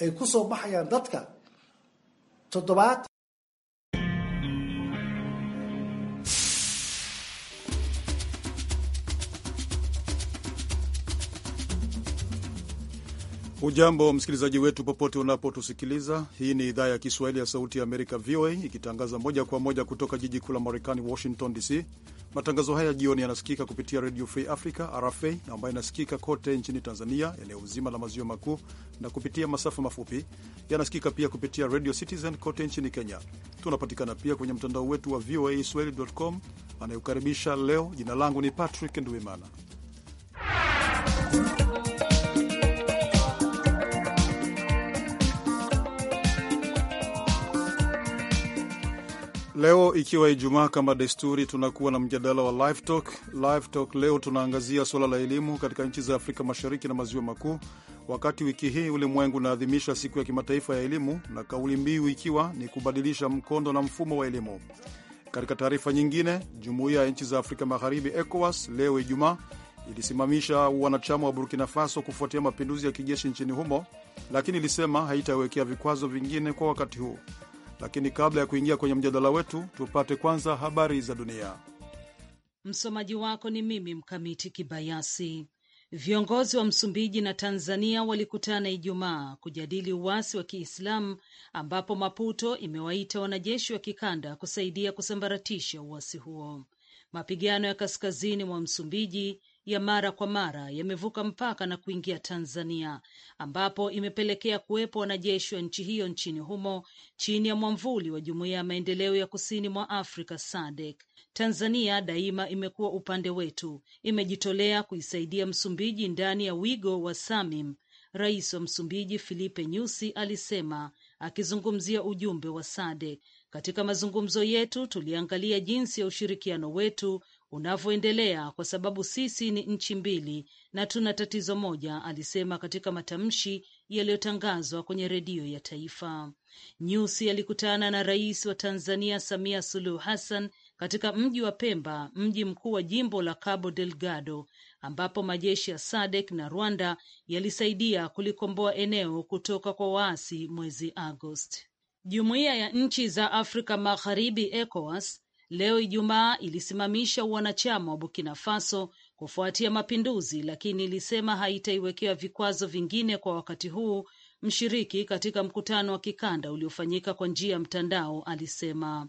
ay ee ku soo baxayaan dadka toddobaad Ujambo msikilizaji wetu popote unapotusikiliza. Hii ni idhaa ya Kiswahili ya Sauti ya Amerika, VOA, ikitangaza moja kwa moja kutoka jiji kuu la Marekani, Washington DC. Matangazo haya jioni yanasikika kupitia Radio Free Africa, RFA, na ambayo inasikika kote nchini Tanzania, eneo zima la maziwa makuu na kupitia masafa mafupi. Yanasikika pia kupitia Radio Citizen kote nchini Kenya. Tunapatikana pia kwenye mtandao wetu wa VOA swahili.com. Anayekaribisha leo, jina langu ni Patrick Ndwimana. Leo ikiwa Ijumaa, kama desturi, tunakuwa na mjadala wa live talk. Live talk leo tunaangazia suala la elimu katika nchi za Afrika Mashariki na Maziwa Makuu, wakati wiki hii ulimwengu unaadhimisha siku ya kimataifa ya elimu, na kauli mbiu ikiwa ni kubadilisha mkondo na mfumo wa elimu. Katika taarifa nyingine, jumuiya ya nchi za Afrika Magharibi, ECOWAS, leo Ijumaa ilisimamisha wanachama wa Burkina Faso kufuatia mapinduzi ya kijeshi nchini humo, lakini ilisema haitawekea vikwazo vingine kwa wakati huu lakini kabla ya kuingia kwenye mjadala wetu, tupate kwanza habari za dunia. Msomaji wako ni mimi Mkamiti Kibayasi. Viongozi wa Msumbiji na Tanzania walikutana Ijumaa kujadili uasi wa Kiislamu ambapo Maputo imewaita wanajeshi wa kikanda kusaidia kusambaratisha uasi huo. Mapigano ya kaskazini mwa Msumbiji ya mara kwa mara yamevuka mpaka na kuingia Tanzania, ambapo imepelekea kuwepo wanajeshi wa nchi hiyo nchini humo chini ya mwamvuli wa Jumuiya ya Maendeleo ya Kusini mwa Afrika SADC. Tanzania daima imekuwa upande wetu, imejitolea kuisaidia Msumbiji ndani ya wigo wa SAMIM. Rais wa Msumbiji Filipe Nyusi alisema akizungumzia ujumbe wa SADC. Katika mazungumzo yetu tuliangalia jinsi ya ushirikiano wetu unavyoendelea kwa sababu sisi ni nchi mbili na tuna tatizo moja, alisema katika matamshi yaliyotangazwa kwenye redio ya taifa. Nyusi alikutana na rais wa Tanzania Samia Suluhu Hassan katika mji wa Pemba, mji mkuu wa jimbo la Cabo Delgado, ambapo majeshi ya sadek na Rwanda yalisaidia kulikomboa eneo kutoka kwa waasi mwezi Agosti. Jumuiya ya nchi za Afrika Magharibi ECOWAS leo Ijumaa ilisimamisha wanachama wa Burkina Faso kufuatia mapinduzi, lakini ilisema haitaiwekewa vikwazo vingine kwa wakati huu. Mshiriki katika mkutano wa kikanda uliofanyika kwa njia ya mtandao alisema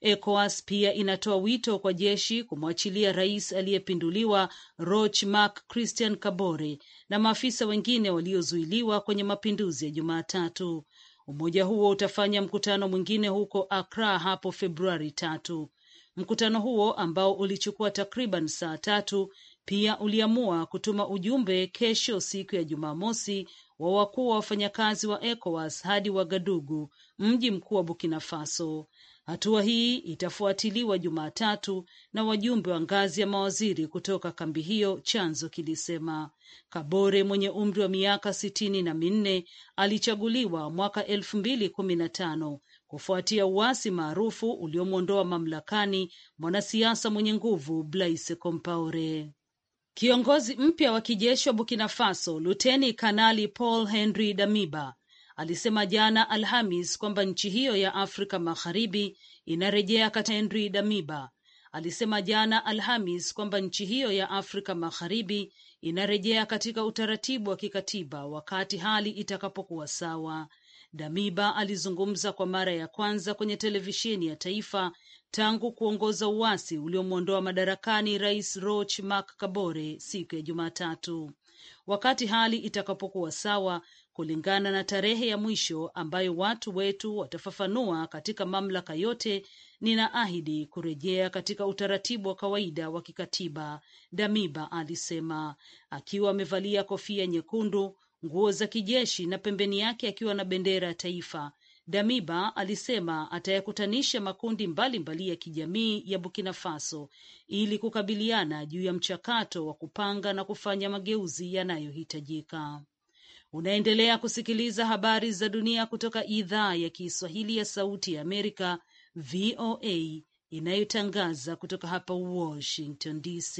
ECOWAS pia inatoa wito kwa jeshi kumwachilia rais aliyepinduliwa Roch Marc Christian Kabore na maafisa wengine waliozuiliwa kwenye mapinduzi ya Jumatatu. Umoja huo utafanya mkutano mwingine huko Akra hapo Februari tatu. Mkutano huo ambao ulichukua takriban saa tatu pia uliamua kutuma ujumbe kesho siku ya Jumamosi wa wakuu wa wafanyakazi wa ECOWAS hadi Wagadugu, mji mkuu wa Burkina Faso. Hatua hii itafuatiliwa Jumatatu na wajumbe wa ngazi ya mawaziri kutoka kambi hiyo, chanzo kilisema. Kabore mwenye umri wa miaka sitini na minne alichaguliwa mwaka elfu mbili kumi na tano kufuatia uasi maarufu uliomwondoa mamlakani mwanasiasa mwenye nguvu Blaise Compaore. Kiongozi mpya wa kijeshi wa Burkina Faso Luteni Kanali Paul henry Damiba alisema jana Alhamis kwamba nchi hiyo ya Afrika Magharibi inarejea katika. Henry Damiba alisema jana Alhamis kwamba nchi hiyo ya Afrika Magharibi inarejea katika utaratibu wa kikatiba wakati hali itakapokuwa sawa. Damiba alizungumza kwa mara ya kwanza kwenye televisheni ya taifa tangu kuongoza uasi uliomwondoa madarakani Rais Roch Marc Kabore siku ya Jumatatu, wakati hali itakapokuwa sawa, kulingana na tarehe ya mwisho ambayo watu wetu watafafanua katika mamlaka yote. Ninaahidi kurejea katika utaratibu wa kawaida wa kikatiba, Damiba alisema akiwa amevalia kofia nyekundu, nguo za kijeshi na pembeni yake akiwa na bendera ya taifa. Damiba alisema atayakutanisha makundi mbalimbali mbali ya kijamii ya Burkina Faso ili kukabiliana juu ya mchakato wa kupanga na kufanya mageuzi yanayohitajika. Unaendelea kusikiliza habari za dunia kutoka idhaa ya Kiswahili ya Sauti ya Amerika, VOA, inayotangaza kutoka hapa Washington DC.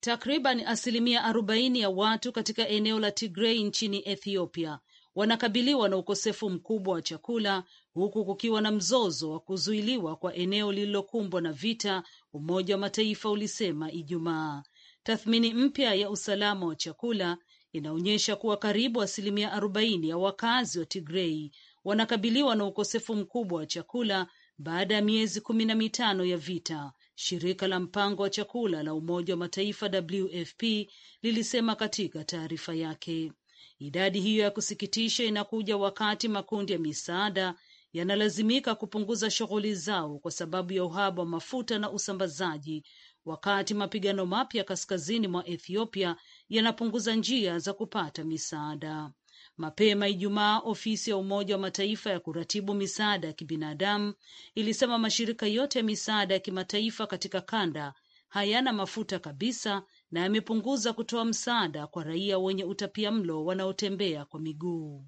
Takriban asilimia arobaini ya watu katika eneo la Tigrei nchini Ethiopia wanakabiliwa na ukosefu mkubwa wa chakula huku kukiwa na mzozo wa kuzuiliwa kwa eneo lililokumbwa na vita, Umoja wa Mataifa ulisema Ijumaa. Tathmini mpya ya usalama wa chakula inaonyesha kuwa karibu asilimia arobaini ya wakazi wa Tigrei wanakabiliwa na ukosefu mkubwa wa chakula baada ya miezi kumi na mitano ya vita, Shirika la mpango wa chakula la Umoja wa Mataifa WFP lilisema katika taarifa yake. Idadi hiyo ya kusikitisha inakuja wakati makundi ya misaada yanalazimika kupunguza shughuli zao kwa sababu ya uhaba wa mafuta na usambazaji, wakati mapigano mapya kaskazini mwa Ethiopia yanapunguza njia za kupata misaada. Mapema Ijumaa, ofisi ya Umoja wa Mataifa ya kuratibu misaada ya kibinadamu ilisema mashirika yote ya misaada ya kimataifa katika kanda hayana mafuta kabisa na yamepunguza kutoa msaada kwa raia wenye utapia mlo wanaotembea kwa miguu.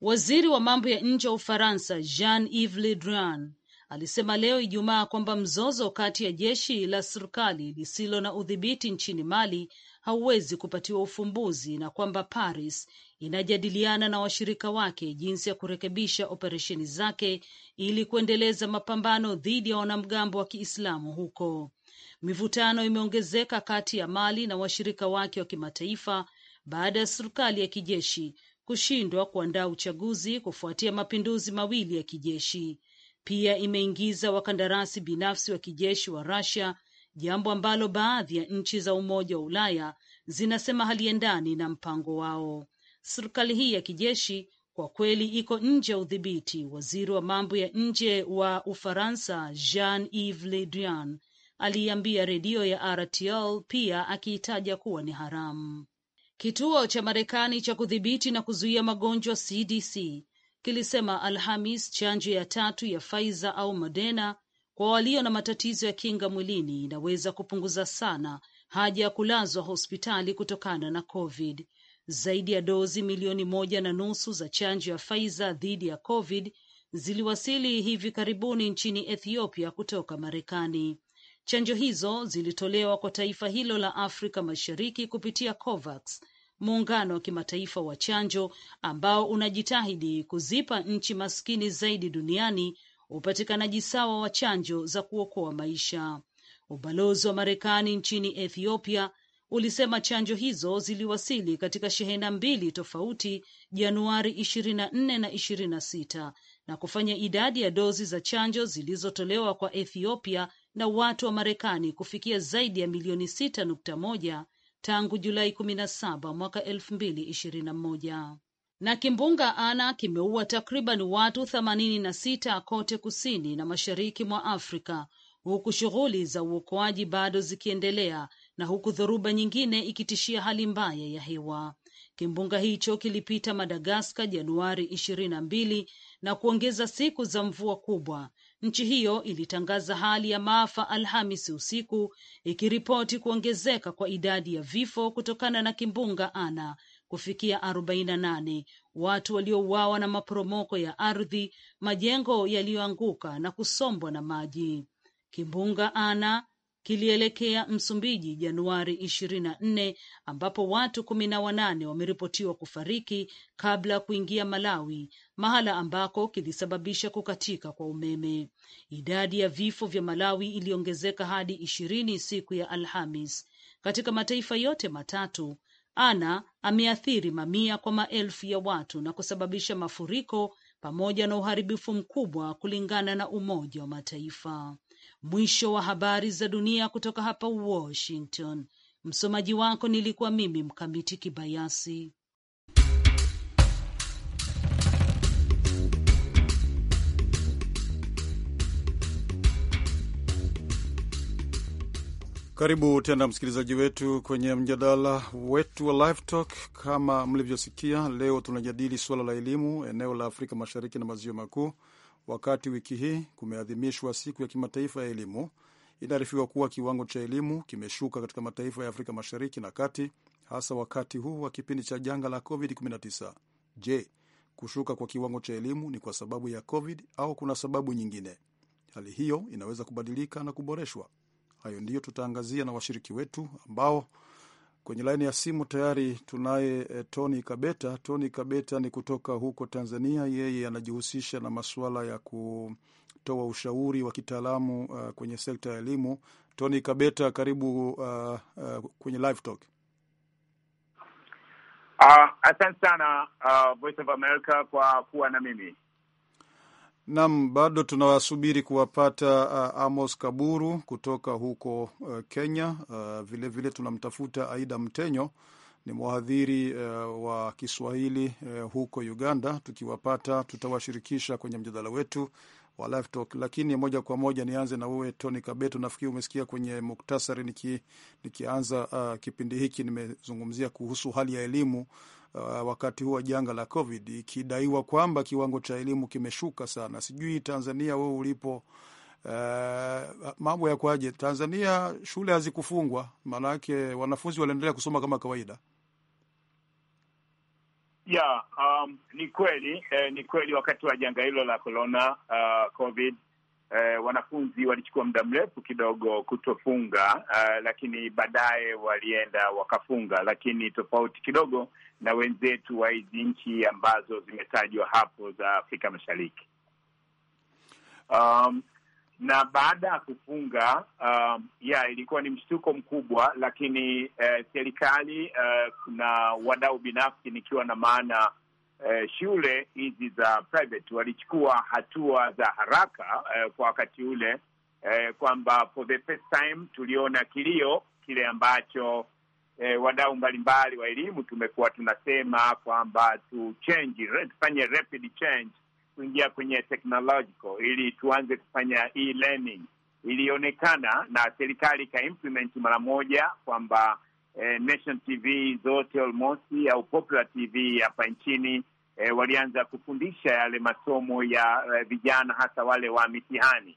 Waziri wa mambo ya nje wa Ufaransa Jean-Yves Le Drian alisema leo Ijumaa kwamba mzozo kati ya jeshi la serikali lisilo na udhibiti nchini Mali hauwezi kupatiwa ufumbuzi na kwamba Paris inajadiliana na washirika wake jinsi ya kurekebisha operesheni zake ili kuendeleza mapambano dhidi ya wanamgambo wa Kiislamu huko. Mivutano imeongezeka kati ya Mali na washirika wake wa kimataifa baada ya serikali ya kijeshi kushindwa kuandaa uchaguzi kufuatia mapinduzi mawili ya kijeshi. Pia imeingiza wakandarasi binafsi wa kijeshi wa Russia jambo ambalo baadhi ya nchi za Umoja wa Ulaya zinasema haliendani na mpango wao. Serikali hii ya kijeshi kwa kweli iko nje ya udhibiti, waziri wa mambo ya nje wa Ufaransa Jean Yves Le Drian aliiambia redio ya RTL, pia akiitaja kuwa ni haramu. Kituo cha Marekani cha kudhibiti na kuzuia magonjwa CDC kilisema Alhamis chanjo ya tatu ya Pfizer au Moderna kwa walio na matatizo ya kinga mwilini inaweza kupunguza sana haja ya kulazwa hospitali kutokana na COVID. Zaidi ya dozi milioni moja na nusu za chanjo ya Pfizer dhidi ya COVID ziliwasili hivi karibuni nchini Ethiopia kutoka Marekani. Chanjo hizo zilitolewa kwa taifa hilo la Afrika Mashariki kupitia COVAX, muungano wa kimataifa wa chanjo ambao unajitahidi kuzipa nchi maskini zaidi duniani upatikanaji sawa wa chanjo za kuokoa maisha. Ubalozi wa Marekani nchini Ethiopia ulisema chanjo hizo ziliwasili katika shehena mbili tofauti Januari 24 na 26 na kufanya idadi ya dozi za chanjo zilizotolewa kwa Ethiopia na watu wa Marekani kufikia zaidi ya milioni 6.1 tangu Julai 17 mwaka 2021 na kimbunga Ana kimeua takriban watu themanini na sita kote kusini na mashariki mwa Afrika, huku shughuli za uokoaji bado zikiendelea na huku dhoruba nyingine ikitishia hali mbaya ya hewa. Kimbunga hicho kilipita Madagaskar Januari ishirini na mbili na kuongeza siku za mvua kubwa. Nchi hiyo ilitangaza hali ya maafa Alhamisi usiku ikiripoti kuongezeka kwa idadi ya vifo kutokana na kimbunga Ana kufikia 48 watu waliouawa na maporomoko ya ardhi, majengo yaliyoanguka na kusombwa na maji. Kimbunga Ana kilielekea Msumbiji Januari 24 ambapo watu kumi na wanane wameripotiwa kufariki kabla ya kuingia Malawi, mahala ambako kilisababisha kukatika kwa umeme. Idadi ya vifo vya Malawi iliongezeka hadi ishirini siku ya Alhamis katika mataifa yote matatu. Ana ameathiri mamia kwa maelfu ya watu na kusababisha mafuriko pamoja na uharibifu mkubwa kulingana na Umoja wa Mataifa. Mwisho wa habari za dunia kutoka hapa Washington. Msomaji wako nilikuwa mimi Mkamiti Kibayasi. Karibu tena msikilizaji wetu kwenye mjadala wetu wa Live Talk. Kama mlivyosikia, leo tunajadili suala la elimu eneo la Afrika Mashariki na Maziwa Makuu, wakati wiki hii kumeadhimishwa siku ya kimataifa ya elimu. Inaarifiwa kuwa kiwango cha elimu kimeshuka katika mataifa ya Afrika Mashariki na Kati, hasa wakati huu wa kipindi cha janga la COVID-19. Je, kushuka kwa kiwango cha elimu ni kwa sababu ya COVID au kuna sababu nyingine? Hali hiyo inaweza kubadilika na kuboreshwa. Hayo ndiyo tutaangazia na washiriki wetu ambao kwenye laini ya simu tayari tunaye e, Tony Kabeta. Tony Kabeta ni kutoka huko Tanzania, yeye anajihusisha na masuala ya kutoa ushauri wa kitaalamu uh, kwenye sekta ya elimu. Tony Kabeta, karibu uh, uh, kwenye Live Talk. Uh, asante sana uh, Voice of America kwa kuwa na mimi Nam, bado tunawasubiri kuwapata uh, Amos Kaburu kutoka huko uh, Kenya. Vilevile uh, vile tunamtafuta Aida Mtenyo, ni mhadhiri uh, wa Kiswahili uh, huko Uganda. Tukiwapata tutawashirikisha kwenye mjadala wetu wa Live Talk, lakini moja kwa moja nianze na wewe Tony Kabeto. Nafikiri umesikia kwenye muktasari niki, nikianza uh, kipindi hiki nimezungumzia kuhusu hali ya elimu uh, wakati huu wa janga la COVID, ikidaiwa kwamba kiwango cha elimu kimeshuka sana. Sijui Tanzania wewe ulipo, uh, mambo yakwaje Tanzania? Shule hazikufungwa maanake wanafunzi waliendelea kusoma kama kawaida? Yeah, um, ni kweli eh, ni kweli wakati wa janga hilo la corona uh, COVID eh, wanafunzi walichukua muda mrefu kidogo kutofunga uh, lakini baadaye walienda wakafunga, lakini tofauti kidogo na wenzetu wa hizi nchi ambazo zimetajwa hapo za Afrika Mashariki. Um, na baada ya kufunga um, ya ilikuwa ni mshtuko mkubwa, lakini eh, serikali eh, na wadau binafsi, nikiwa na maana eh, shule hizi za private walichukua hatua za haraka eh, kwa wakati ule eh, kwamba for the first time tuliona kilio kile ambacho e, wadau mbalimbali wa elimu tumekuwa tunasema kwamba tu change tufanye rapid change kuingia kwenye technological ili tuanze kufanya e-learning. Ilionekana na serikali ikaimplement mara moja kwamba eh, Nation TV zote almost au Popular TV hapa nchini eh, walianza kufundisha yale masomo ya eh, vijana hasa wale wa mitihani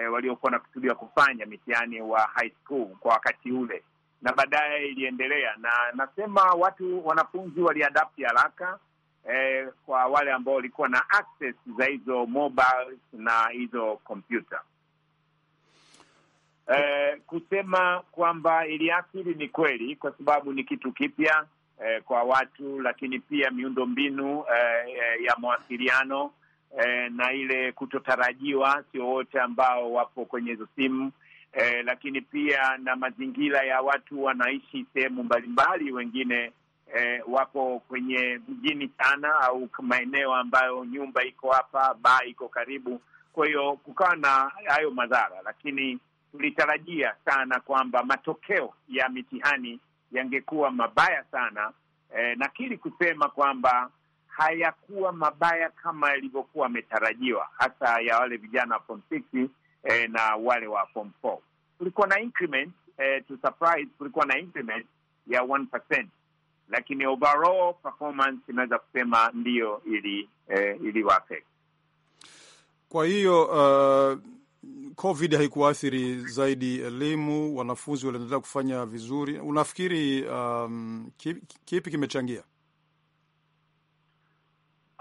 eh, waliokuwa wanakusudiwa kufanya mitihani wa high school kwa wakati ule na baadaye iliendelea, na nasema watu wanafunzi waliadapti haraka eh, kwa wale ambao walikuwa na access za hizo mobiles na hizo kompyuta eh, kusema kwamba iliathiri ni kweli, kwa sababu ni kitu kipya eh, kwa watu, lakini pia miundombinu eh, eh ya mawasiliano eh, na ile kutotarajiwa, sio wote ambao wapo kwenye hizo simu eh, lakini pia na mazingira ya watu wanaishi sehemu mbalimbali, wengine eh, wako kwenye mjini sana au maeneo ambayo nyumba iko hapa, baa iko karibu. Kwa hiyo kukawa na hayo madhara, lakini tulitarajia sana kwamba matokeo ya mitihani yangekuwa mabaya sana. Eh, nakiri kusema kwamba hayakuwa mabaya kama yalivyokuwa ametarajiwa, hasa ya wale vijana form six eh, na wale wa form four. Kulikuwa na increment eh, to surprise, kulikuwa na increment ya 1%, lakini overall performance inaweza kusema ndiyo ili eh, iliwaaffect. Kwa hiyo uh, COVID haikuathiri zaidi elimu, wanafunzi waliendelea kufanya vizuri. Unafikiri um, kipi kimechangia?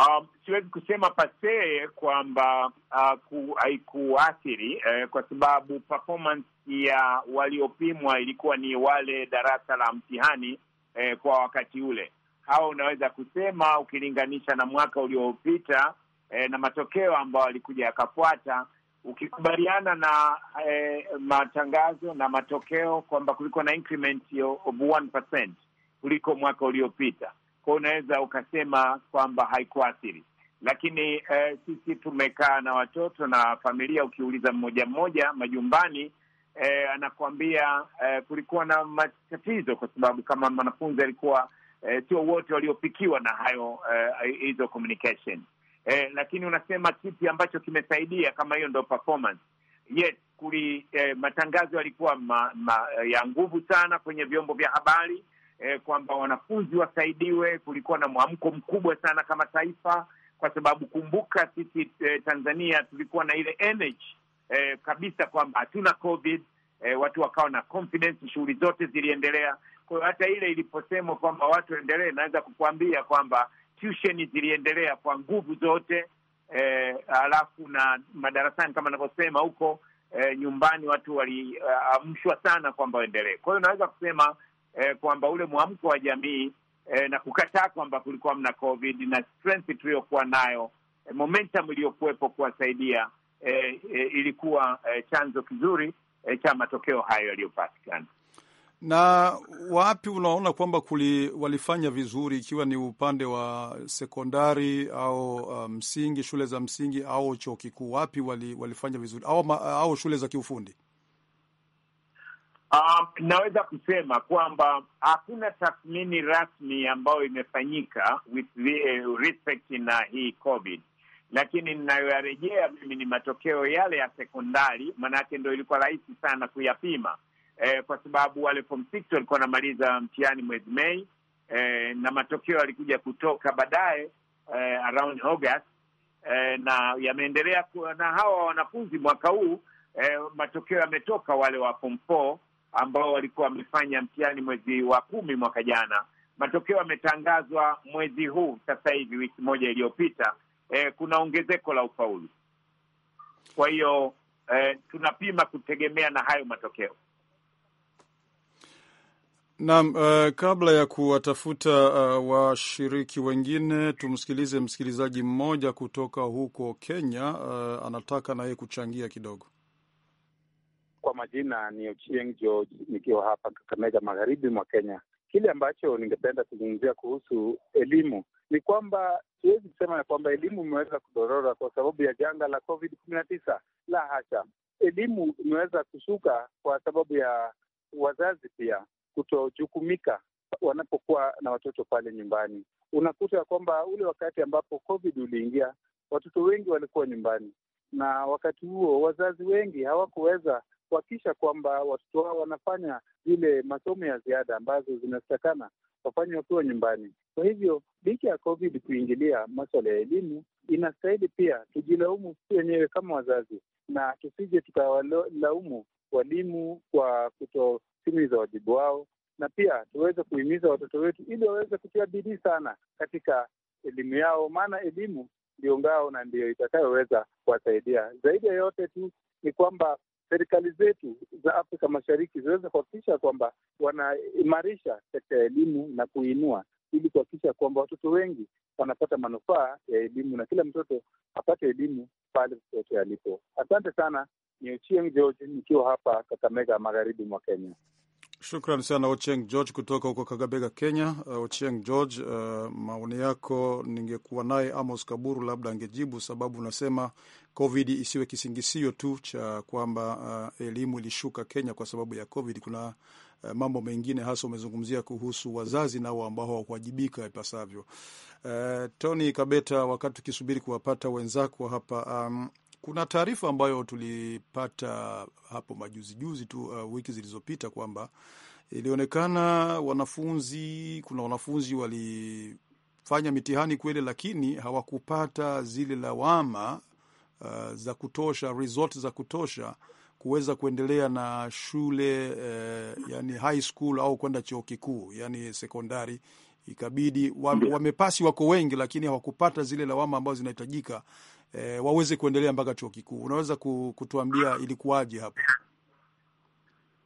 Um, siwezi kusema pasee kwamba uh, haikuathiri uh, kwa sababu performance ya waliopimwa ilikuwa ni wale darasa la mtihani uh, kwa wakati ule. Hawa unaweza kusema ukilinganisha na mwaka uliopita uh, na matokeo ambayo alikuja yakafuata, ukikubaliana na uh, matangazo na matokeo kwamba kulikuwa na increment of 1% kuliko mwaka uliopita kwao, unaweza ukasema kwamba haikuathiri. Lakini eh, sisi tumekaa na watoto na familia, ukiuliza mmoja mmoja majumbani eh, anakuambia eh, kulikuwa na matatizo kwa sababu kama mwanafunzi alikuwa eh, sio wote waliofikiwa na hayo eh, hizo eh, communication eh, lakini unasema kipi ambacho kimesaidia kama hiyo ndo performance yes, kuli eh, matangazo yalikuwa ma, ma, ya nguvu sana kwenye vyombo vya habari eh, kwamba wanafunzi wasaidiwe. Kulikuwa na mwamko mkubwa sana kama taifa, kwa sababu kumbuka sisi eh, Tanzania tulikuwa na ile energy eh, kabisa kwamba hatuna covid eh, watu wakawa na confidence, shughuli zote ziliendelea. Kwa hiyo hata ile iliposemwa kwamba watu endelee, naweza kukuambia kwamba tuition ziliendelea kwa nguvu zote eh, alafu na madarasani kama anavyosema huko eh, nyumbani watu waliamshwa uh, sana kwamba waendelee. Kwa hiyo naweza kusema eh, kwamba ule mwamko wa jamii eh, na kukataa kwamba kulikuwa mna COVID na strength tuliyokuwa nayo eh, momentum iliyokuwepo kuwasaidia eh, eh, ilikuwa eh, chanzo kizuri eh, cha matokeo hayo yaliyopatikana. Na wapi unaona kwamba kuli, walifanya vizuri ikiwa ni upande wa sekondari au uh, msingi, um, shule za msingi au chuo kikuu, wapi wali, walifanya vizuri au, ma, au shule za kiufundi? Um, naweza kusema kwamba hakuna tathmini rasmi ambayo imefanyika with uh, respect na hii COVID, lakini ninayoyarejea mimi ni matokeo yale ya sekondari, maanake ndo ilikuwa rahisi sana kuyapima eh, kwa sababu wale form six walikuwa wanamaliza mtihani mwezi Mei eh, na matokeo yalikuja kutoka baadaye eh, around August eh, na yameendelea na hawa wanafunzi mwaka huu eh, matokeo yametoka wale wa form four ambao walikuwa wamefanya mtihani mwezi wa kumi mwaka jana. Matokeo yametangazwa mwezi huu sasa hivi, wiki moja iliyopita. E, kuna ongezeko la ufaulu, kwa hiyo e, tunapima kutegemea na hayo matokeo. Naam, uh, kabla ya kuwatafuta uh, washiriki wengine tumsikilize msikilizaji mmoja kutoka huko Kenya. Uh, anataka naye kuchangia kidogo. Kwa majina ni Ochieng George, nikiwa hapa Kakamega, magharibi mwa Kenya. Kile ambacho ningependa kuzungumzia kuhusu elimu ni kwamba siwezi kusema ya kwamba elimu imeweza kudorora kwa sababu ya janga la Covid kumi na tisa. La hasha, elimu imeweza kushuka kwa sababu ya wazazi pia kutojukumika wanapokuwa na watoto pale nyumbani. Unakuta ya kwamba ule wakati ambapo Covid uliingia, watoto wengi walikuwa nyumbani, na wakati huo wazazi wengi hawakuweza kuhakikisha kwamba watoto wao wanafanya zile masomo ya ziada ambazo zinatakana wafanye wakiwa nyumbani. Kwa hivyo licha ya COVID kuingilia maswala ya elimu, inastahili pia tujilaumu wenyewe kama wazazi, na tusije tukawalaumu walimu kwa kutotimiza wajibu wao, na pia tuweze kuhimiza watoto wetu ili waweze kutia bidii sana katika elimu yao, maana elimu ndio ngao na ndio itakayoweza kuwasaidia. Zaidi ya yote tu ni kwamba serikali zetu za Afrika Mashariki ziweze kuhakikisha kwamba wanaimarisha sekta ya elimu na kuinua ili kuhakikisha kwamba watoto wengi wanapata manufaa ya elimu na kila mtoto apate elimu pale popote alipo. Asante sana, ni Ochieng George nikiwa hapa Kakamega, magharibi mwa Kenya. Shukran sana Ochieng George kutoka huko Kakamega, Kenya. Uh, Ochieng George, uh, maoni yako ningekuwa naye Amos Kaburu labda angejibu, sababu unasema COVID isiwe kisingisio tu cha kwamba uh, elimu ilishuka Kenya kwa sababu ya COVID. Kuna uh, mambo mengine hasa umezungumzia kuhusu wazazi nao ambao hawakuwajibika ipasavyo. Uh, Tony Kabeta, wakati tukisubiri kuwapata wenzako hapa um, kuna taarifa ambayo tulipata hapo majuzijuzi tu uh, wiki zilizopita kwamba ilionekana wanafunzi, kuna wanafunzi walifanya mitihani kweli, lakini hawakupata zile lawama uh, za kutosha resort za kutosha kuweza kuendelea na shule eh, yani high school au kwenda chuo kikuu yani sekondari ikabidi wa, wamepasi wako wengi lakini hawakupata zile lawama ambazo zinahitajika eh, waweze kuendelea mpaka chuo kikuu. Unaweza kutuambia ilikuwaje hapo?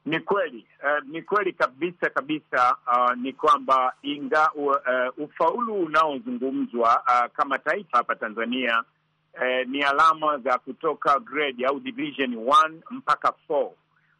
Ni kweli uh, ni kweli kabisa kabisa. Uh, ni kwamba inga uh, uh ufaulu unaozungumzwa uh, kama taifa hapa Tanzania eh, ni alama za kutoka grade au division one mpaka four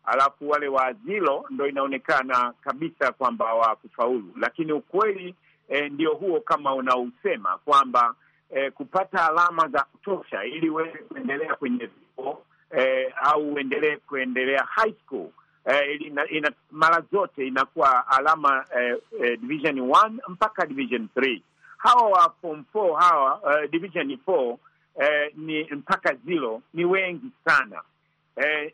alafu wale wa azilo ndo inaonekana kabisa kwamba wakufaulu, lakini ukweli eh, ndio huo kama unausema kwamba eh, kupata alama za kutosha ili uweze kuendelea kwenye vio eh, au uendelee kuendelea high school eh, ina, ina, mara zote inakuwa alama eh, eh, division one mpaka division three. Hawa wa form four hawa uh, division four eh, ni mpaka Zilo ni wengi sana. Eh,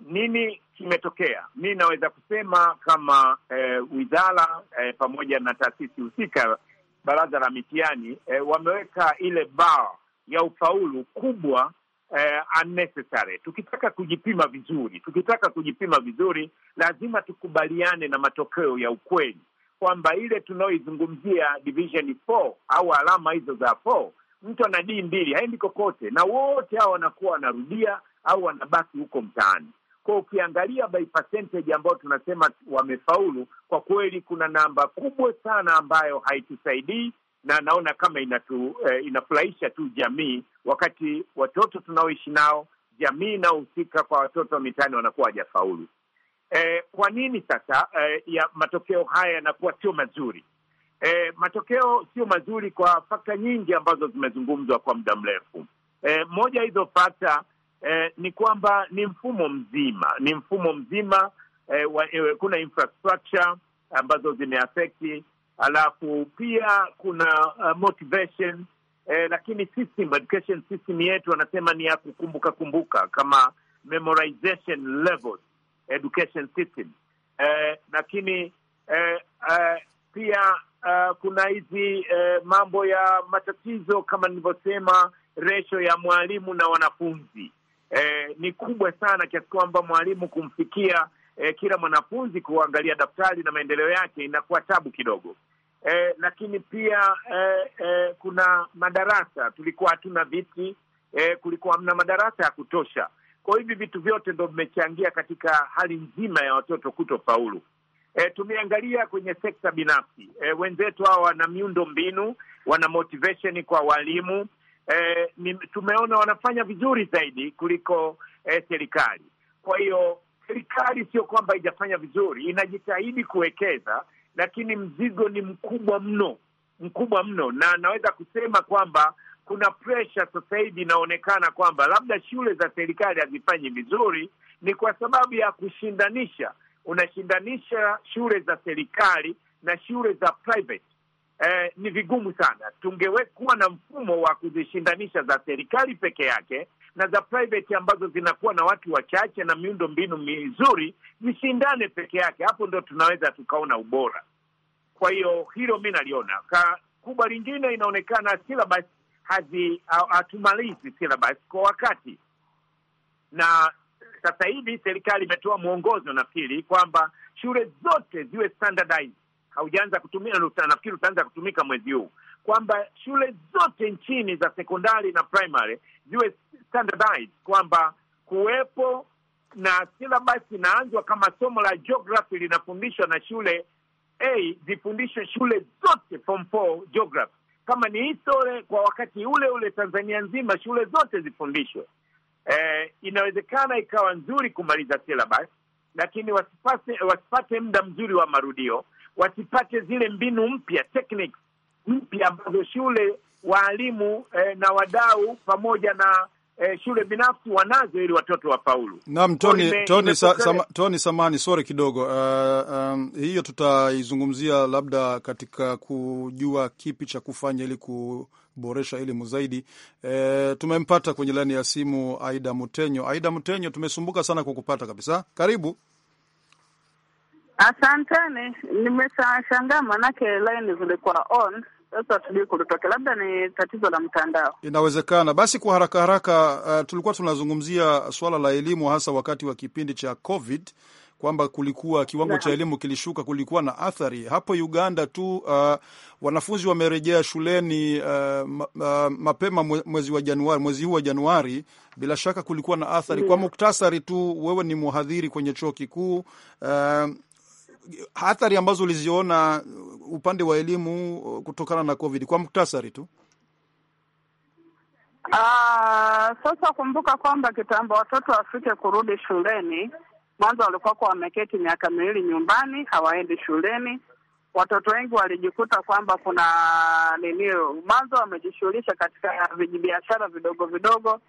nini kimetokea? Mi naweza kusema kama eh, wizara eh, pamoja na taasisi husika, baraza la mitiani eh, wameweka ile baa ya ufaulu kubwa eh, unnecessary. Tukitaka kujipima vizuri, tukitaka kujipima vizuri, lazima tukubaliane na matokeo ya ukweli kwamba ile tunaoizungumzia division au alama hizo za mtu ana dii mbili, haendi kokote, na wote hao wanakuwa wanarudia au wanabaki huko mtaani. Kwa ukiangalia by percentage ambayo tunasema wamefaulu, kwa kweli kuna namba kubwa sana ambayo haitusaidii na naona kama inatu, eh, inafurahisha tu jamii, wakati watoto tunaoishi nao, jamii inaohusika kwa watoto wa mitaani wanakuwa hawajafaulu. Eh, kwa nini sasa eh, ya matokeo haya yanakuwa sio mazuri? e, matokeo sio mazuri kwa fakta nyingi ambazo zimezungumzwa kwa muda mrefu. E, moja hizo fakta e, ni kwamba ni mfumo mzima, ni mfumo mzima e, wa, e, kuna infrastructure ambazo zimeafekti, alafu pia kuna uh, motivation e, lakini system, education system yetu wanasema ni ya kukumbuka kumbuka kama memorization levels education system eh, lakini eh, eh, pia Eh, kuna hizi uh, mambo ya matatizo kama nilivyosema, resho ya mwalimu na wanafunzi uh, ni kubwa sana kiasi kwamba mwalimu kumfikia uh, kila mwanafunzi kuangalia daftari na maendeleo yake inakuwa tabu kidogo. Eh, lakini pia eh, eh, kuna madarasa tulikuwa hatuna viti eh, kulikuwa hamna madarasa ya kutosha. Kwa hivi vitu vyote ndo vimechangia katika hali nzima ya watoto kutofaulu. E, tumeangalia kwenye sekta binafsi e, wenzetu hawa wana miundo mbinu, wana motivation kwa walimu e, ni, tumeona wanafanya vizuri zaidi kuliko e, serikali. Kwa hiyo serikali sio kwamba haijafanya vizuri, inajitahidi kuwekeza, lakini mzigo ni mkubwa mno, mkubwa mno, na naweza kusema kwamba kuna pressure sasa hivi inaonekana kwamba labda shule za serikali hazifanyi vizuri, ni kwa sababu ya kushindanisha unashindanisha shule za serikali na shule za private eh, ni vigumu sana. Tungewe kuwa na mfumo wa kuzishindanisha za serikali peke yake na za private ambazo zinakuwa na watu wachache na miundo mbinu mizuri zishindane peke yake. Hapo ndo tunaweza tukaona ubora. Kwa hiyo hilo mi naliona kubwa. Lingine inaonekana syllabus hazi hatumalizi syllabus kwa wakati na sasa hivi serikali imetoa mwongozo nafikiri kwamba shule zote ziwe standardized. Haujaanza kutumia, nafikiri utaanza kutumika mwezi huu, kwamba shule zote nchini za sekondari na primary ziwe standardized, kwamba kuwepo na basi inaanzwa kama somo la geography linafundishwa na shule A hey, zifundishwe shule zote form geography. Kama ni historia, kwa wakati ule ule Tanzania nzima shule zote zifundishwe eh, inawezekana ikawa nzuri kumaliza silabas, lakini wasipate, wasipate muda mzuri wa marudio, wasipate zile mbinu mpya techniques mpya ambazo shule waalimu eh, na wadau pamoja na eh, shule binafsi wanazo ili watoto wa Naam, Tony, Tony, sa, Tony samani sorry kidogo uh, um, hiyo tutaizungumzia labda katika kujua kipi cha kufanya ili ku kuboresha elimu zaidi. E, tumempata kwenye laini ya simu Aida Mutenyo. Aida Mutenyo, tumesumbuka sana kukupata kabisa. Karibu. Asanteni, nimeshangaa manake laini zilikuwa on, sasa tujui kulitoke, labda ni tatizo la mtandao, inawezekana. Basi kwa haraka haraka, uh, tulikuwa tunazungumzia suala la elimu, hasa wakati wa kipindi cha COVID kwamba kulikuwa kiwango cha elimu kilishuka, kulikuwa na athari hapo Uganda tu. Uh, wanafunzi wamerejea shuleni uh, ma, uh, mapema mwezi wa Januari, mwezi huu wa Januari. Bila shaka kulikuwa na athari. Kwa mm. muktasari tu, wewe ni mhadhiri kwenye chuo kikuu uh, athari ambazo uliziona upande wa elimu uh, kutokana na COVID kwa muktasari tu. Uh, sasa kumbuka kwamba kitambo watoto wafike kurudi shuleni Mwanzo walikuwa kwa wameketi miaka miwili nyumbani, hawaendi shuleni. Watoto wengi walijikuta kwamba kuna nini, mwanzo wamejishughulisha katika vijibiashara vidogo vidogo.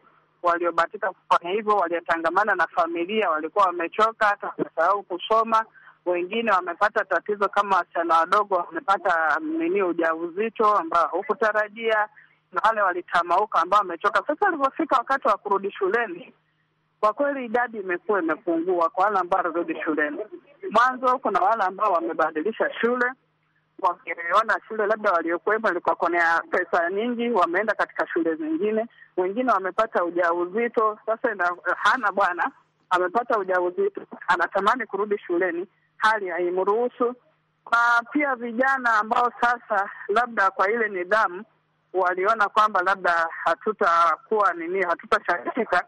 Waliobatika kufanya hivyo waliotangamana na familia walikuwa wamechoka, hata wamesahau kusoma. Wengine wamepata tatizo kama wasichana wadogo wamepata nini, ujauzito ambao hukutarajia, na wale walitamauka ambao wamechoka. Sasa walivyofika wakati wa kurudi shuleni kwa kweli idadi imekuwa imepungua kwa wale ambao wanarudi shuleni. Mwanzo kuna wale ambao wamebadilisha shule, wakiona shule labda waliokuwepo ilikuwa pesa nyingi, wameenda katika shule zingine. Wengine wamepata ujauzito, sasa ina, hana bwana amepata ujauzito, anatamani kurudi shuleni, hali haimruhusu. Na pia vijana ambao sasa labda kwa ile nidhamu waliona kwamba labda hatutakuwa nini, hatutashakika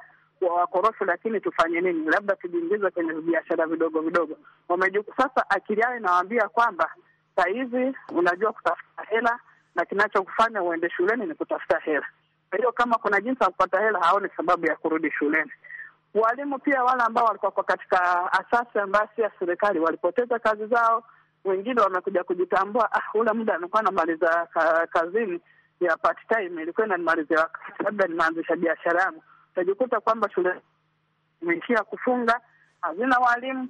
wakorofi, lakini tufanye nini? Labda tujiingize kwenye biashara vidogo vidogo. Wamejuku sasa, akili yao inawaambia kwamba saa hizi unajua kutafuta hela na kinachokufanya uende shuleni ni kutafuta hela. Kwa hiyo kama kuna jinsi ya kupata hela, haoni sababu ya kurudi shuleni. Walimu pia wale ambao walikuwa katika asasi ambayo si ya serikali walipoteza kazi zao. Wengine wamekuja kujitambua, ah, ule muda amekuwa namaliza ka, kazini ya part time ilikuwa inanimalizia wakati, labda nimeanzisha biashara yangu utajikuta kwamba shule zimeishia kufunga, hazina walimu,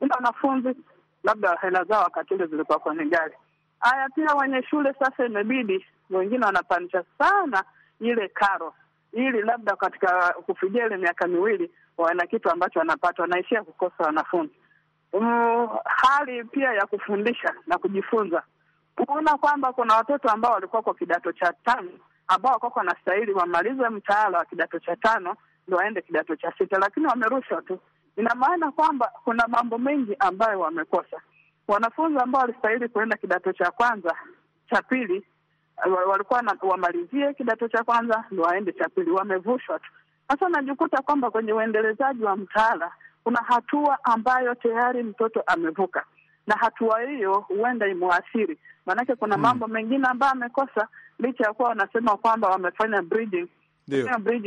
ila wanafunzi labda hela zao wakati ule zilikuwa kwenye gari. Haya, pia wenye shule sasa imebidi wengine wanapandisha sana ile karo, ili labda katika kufidia ile miaka miwili wana kitu ambacho wanapata, wanaishia kukosa wanafunzi. Um, hali pia ya kufundisha na kujifunza, kuona kwamba kuna watoto ambao walikuwa kwa kidato cha tano ambao wako wanastahili wamalize mtaala wa kidato cha tano ndo waende kidato cha sita, lakini wamerushwa tu. Ina maana kwamba kuna mambo mengi ambayo wamekosa. Wanafunzi ambao walistahili kuenda kidato cha kwanza cha pili walikuwa na, wamalizie kidato cha kwanza ndo waende cha pili, wamevushwa tu. Sasa najikuta kwamba kwenye uendelezaji wa mtaala kuna hatua ambayo tayari mtoto amevuka na hatua hiyo huenda imwathiri, maanake kuna mm. mambo mengine ambayo amekosa, licha ya kuwa wanasema kwamba wamefanya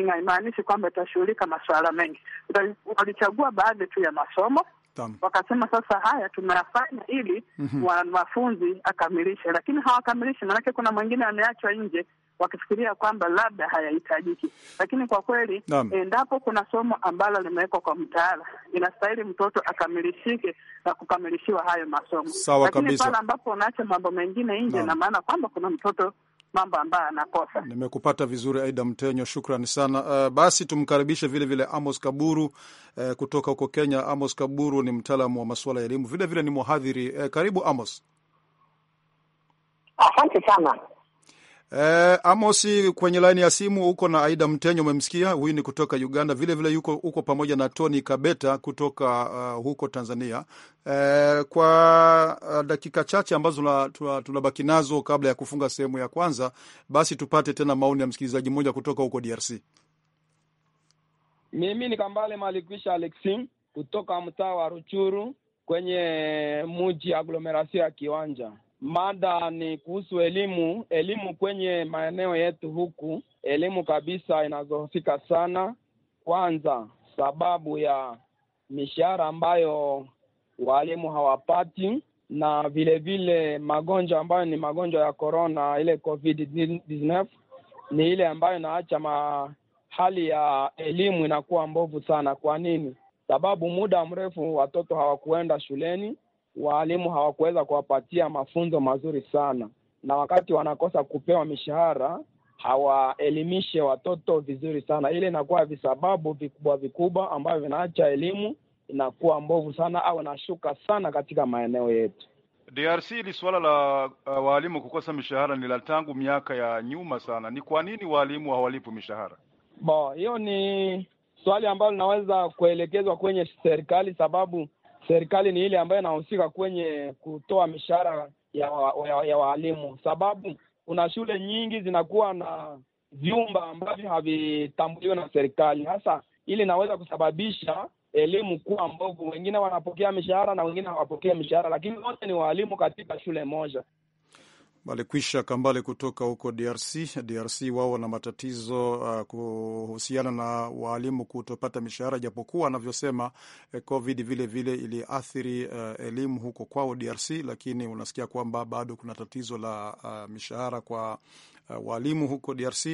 haimaanishi kwamba itashughulika masuala mengi. Walichagua baadhi tu ya masomo Tam. Wakasema sasa haya tumeyafanya ili mwanafunzi mhm. mm -hmm. akamilishe, lakini hawakamilishi maanake kuna mwingine ameachwa nje wakifikiria kwamba labda hayahitajiki, lakini kwa kweli endapo kuna somo ambalo limewekwa kwa mtaala, inastahili mtoto akamilishike na kukamilishiwa hayo masomo. Sawa kabisa. Pale ambapo unaacha mambo mengine nje, na maana kwamba kuna mtoto mambo ambayo anakosa. Nimekupata vizuri, Aida Mtenyo, shukrani sana. Uh, basi tumkaribishe vile vile Amos Kaburu uh, kutoka huko Kenya. Amos Kaburu ni mtaalamu wa masuala ya elimu, vile vile ni mhadhiri uh, karibu Amos. Asante sana. Eh, Amosi kwenye laini ya simu uko na Aida Mtenyo, umemsikia huyu ni kutoka Uganda, vilevile vile yuko uko pamoja na Tony Kabeta kutoka uh, huko Tanzania. Eh, kwa uh, dakika chache ambazo tunabaki nazo kabla ya kufunga sehemu ya kwanza, basi tupate tena maoni ya msikilizaji mmoja kutoka huko DRC. Mimi ni Kambale Malikwisha Alexi kutoka mtaa wa Ruchuru kwenye mji aglomerasio ya Kiwanja. Mada ni kuhusu elimu, elimu kwenye maeneo yetu huku, elimu kabisa inazofika sana. Kwanza sababu ya mishahara ambayo walimu hawapati, na vile vile magonjwa ambayo ni magonjwa ya korona, ile covid 19 ni ile ambayo inaacha ma hali ya elimu inakuwa mbovu sana. Kwa nini? Sababu muda mrefu watoto hawakuenda shuleni waalimu hawakuweza kuwapatia mafunzo mazuri sana, na wakati wanakosa kupewa mishahara hawaelimishe watoto vizuri sana. Ile inakuwa visababu vikubwa vikubwa ambavyo vinaacha elimu inakuwa mbovu sana au inashuka sana katika maeneo yetu. DRC hili suala la uh, waalimu kukosa mishahara ni la tangu miaka ya nyuma sana. Ni kwa nini waalimu hawalipwi mishahara? Bo, hiyo ni swali ambalo linaweza kuelekezwa kwenye serikali, sababu serikali ni ile ambayo inahusika kwenye kutoa mishahara ya, wa, ya, ya waalimu, sababu kuna shule nyingi zinakuwa na vyumba ambavyo havitambuliwe na serikali. Hasa ili inaweza kusababisha elimu kuwa mbovu, wengine wanapokea mishahara na wengine hawapokea mishahara, lakini wote ni waalimu katika shule moja. Balekwisha Kambale kutoka huko DRC. DRC wao wana matatizo uh, kuhusiana na waalimu kutopata mishahara, japokuwa anavyosema eh, COVID vile vile iliathiri uh, elimu huko kwao DRC, lakini unasikia kwamba bado kuna tatizo la uh, mishahara kwa uh, waalimu huko DRC.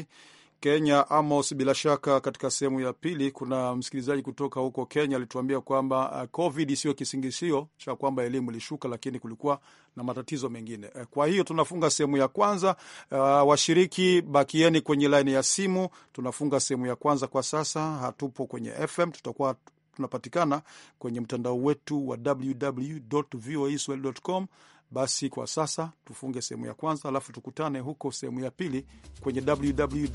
Kenya. Amos, bila shaka katika sehemu ya pili kuna msikilizaji kutoka huko Kenya alituambia kwamba eh, COVID sio kisingisio cha kwamba elimu ilishuka, lakini kulikuwa na matatizo mengine. Eh, kwa hiyo tunafunga sehemu ya kwanza. Uh, washiriki bakieni kwenye laini ya simu. Tunafunga sehemu ya kwanza kwa sasa, hatupo kwenye FM, tutakuwa tunapatikana kwenye mtandao wetu wa www basi kwa sasa tufunge sehemu ya kwanza, alafu tukutane huko sehemu ya pili kwenye www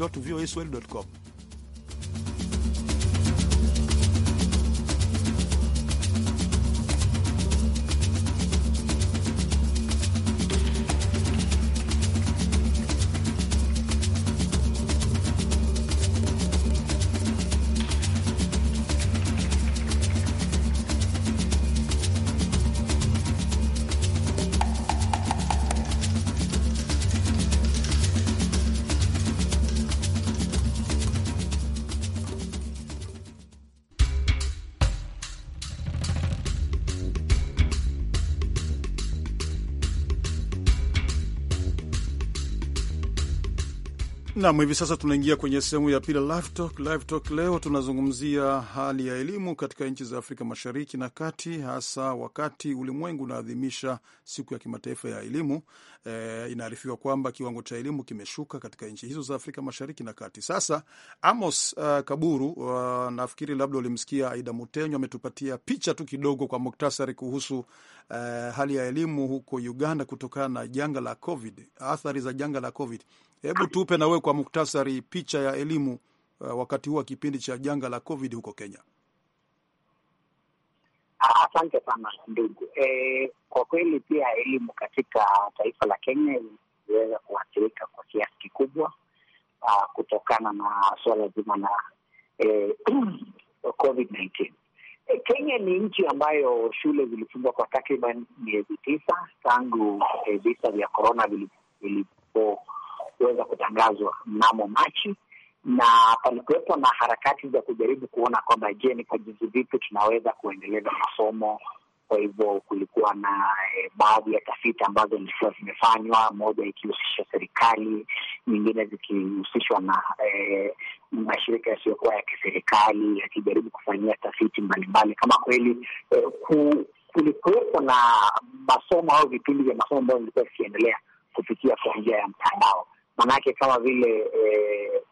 Nam, hivi sasa tunaingia kwenye sehemu ya pili live talk. Live talk leo tunazungumzia hali ya elimu katika nchi za Afrika Mashariki na Kati, hasa wakati ulimwengu unaadhimisha siku ya kimataifa ya elimu. E, inaarifiwa kwamba kiwango cha elimu kimeshuka katika nchi hizo za Afrika Mashariki na Kati. Sasa Amos uh, Kaburu uh, nafikiri labda ulimsikia Aida Mutenyo ametupatia picha tu kidogo kwa muktasari kuhusu uh, hali ya elimu huko Uganda kutokana na janga la COVID, athari za janga la COVID. Hebu tupe na wewe kwa muktasari picha ya elimu uh, wakati huu wa kipindi cha janga la COVID huko Kenya. Ah, asante sana ndugu. E, kwa kweli pia elimu katika taifa la Kenya iliweza kuathirika kwa kiasi kikubwa ah, kutokana na suala zima la e, COVID-19. E, Kenya ni nchi ambayo shule zilifungwa kwa takriban miezi tisa tangu e, visa vya korona vilipo kuweza kutangazwa mnamo Machi, na palikuwepo na harakati za kujaribu kuona kwamba je, ni kwa jinsi vipi tunaweza kuendeleza masomo. Kwa hivyo kulikuwa na e, baadhi ya tafiti ambazo zilikuwa zimefanywa, moja ikihusisha serikali, nyingine zikihusishwa na e, mashirika yasiyokuwa ya kiserikali yakijaribu kufanyia tafiti mbalimbali kama kweli e, ku, kulikuwepo na masomo au vipindi vya masomo ambayo vilikuwa vikiendelea kupitia kwa njia ya mtandao manake kama vile eh, eh,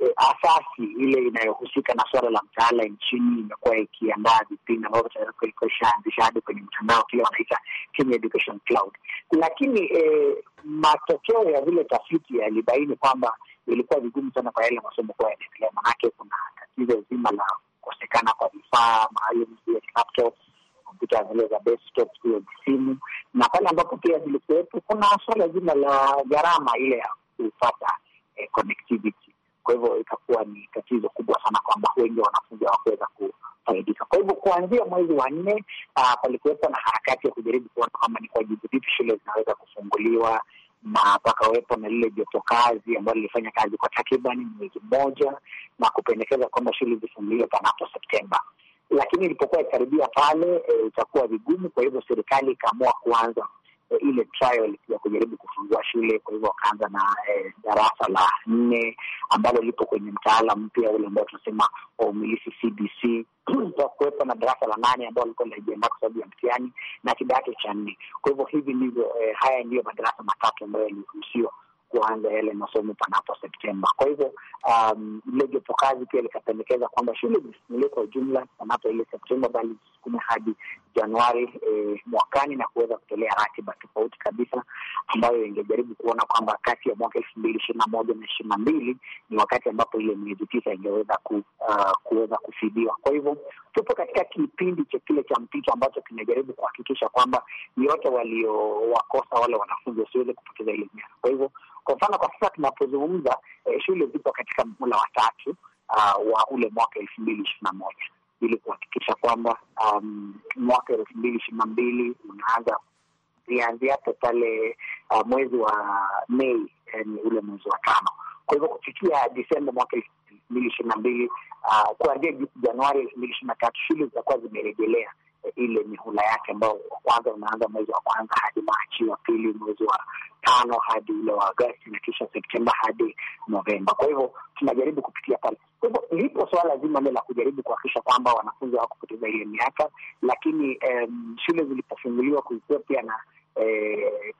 eh, asasi ile inayohusika na suala la mtaala nchini imekuwa ikiandaa vipindi ambavyo tayari ilikuwa ishaanzisha hadi kwenye mtandao, kile wanaita Kenya Education Cloud. Lakini eh, matokeo ya vile tafiti yalibaini kwamba ilikuwa vigumu sana kwa yale masomo kuwa yanaendelea, manake kuna tatizo zima la kukosekana kwa vifaa maalum vile zimepita zile za desktop, zile simu, na pale ambapo pia zilikuwepo, kuna suala zima la gharama ile ya kupata eh, connectivity. Kwa hivyo itakuwa ni tatizo kubwa sana kwamba wengi wanafunzi hawakuweza kufaidika. Kwa hivyo kuanzia mwezi wa nne ah, palikuwepo na harakati ya kujaribu kuona kwamba ni kwa jibu vipi shule zinaweza kufunguliwa na pakawepo na lile jopo kazi ambalo lilifanya kazi kwa takriban mwezi mmoja na kupendekeza kwamba shule zifunguliwe panapo Septemba lakini ilipokuwa ikaribia pale e, itakuwa vigumu. Kwa hivyo serikali ikaamua kuanza e, ile trial ya kujaribu kufungua shule. Kwa hivyo wakaanza na e, darasa la nne ambalo lipo kwenye mtaala mpya ule ambao tunasema wa umilisi CBC kuwepo na darasa la nane ambao liko linajiandaa kwa sababu ya mtihani na kidato cha nne. Kwa hivyo hivi ndivyo e, haya ndiyo madarasa matatu ambayo yaliruhusiwa kuanza yale masomo panapo Septemba. Kwa hivyo ile um, jopo kazi pia likapendekeza kwamba shule zifunguliwe kwa ujumla panapo ile Septemba, bali zisukume hadi Januari e, eh, mwakani na kuweza kutolea ratiba tofauti kabisa ambayo ingejaribu kuona kwamba kati ya mwaka elfu mbili ishirini na moja na ishirini na mbili ni wakati ambapo ile miezi tisa ingeweza ku, uh, kuweza kufidiwa. Kwa hivyo tupo katika kipindi cha kile cha mpito ambacho kinajaribu kuhakikisha kwamba yote waliowakosa wale wanafunzi wasiweze kupoteza ile miaka. Kwa hivyo kwa mfano kwa sasa tunapozungumza, eh, shule zipo katika mhula wa tatu uh, wa ule mwaka elfu mbili ishirini na moja ili kuhakikisha kwamba um, mwaka elfu mbili ishirini na mbili unaanza ianzia hapo pale uh, mwezi wa Mei ni ule mwezi wa tano. Kwa hivyo kufikia Disemba mwaka elfu mbili ishirini na mbili ah, kuanzia Januari elfu mbili ishirini na tatu shule zitakuwa zimerejelea ile mihula yake ambayo wa kwanza unaanza mwezi wa kwanza hadi Machi, wa pili mwezi wa tano hadi ule wa Agasti, na kisha Septemba hadi Novemba. Kwa hivyo tunajaribu kupitia pale. Kwa hivyo lipo suala zima ile la kujaribu kuhakikisha kwamba wanafunzi hawakupoteza ile miaka, lakini um, shule zilipofunguliwa kulikuwa pia na E,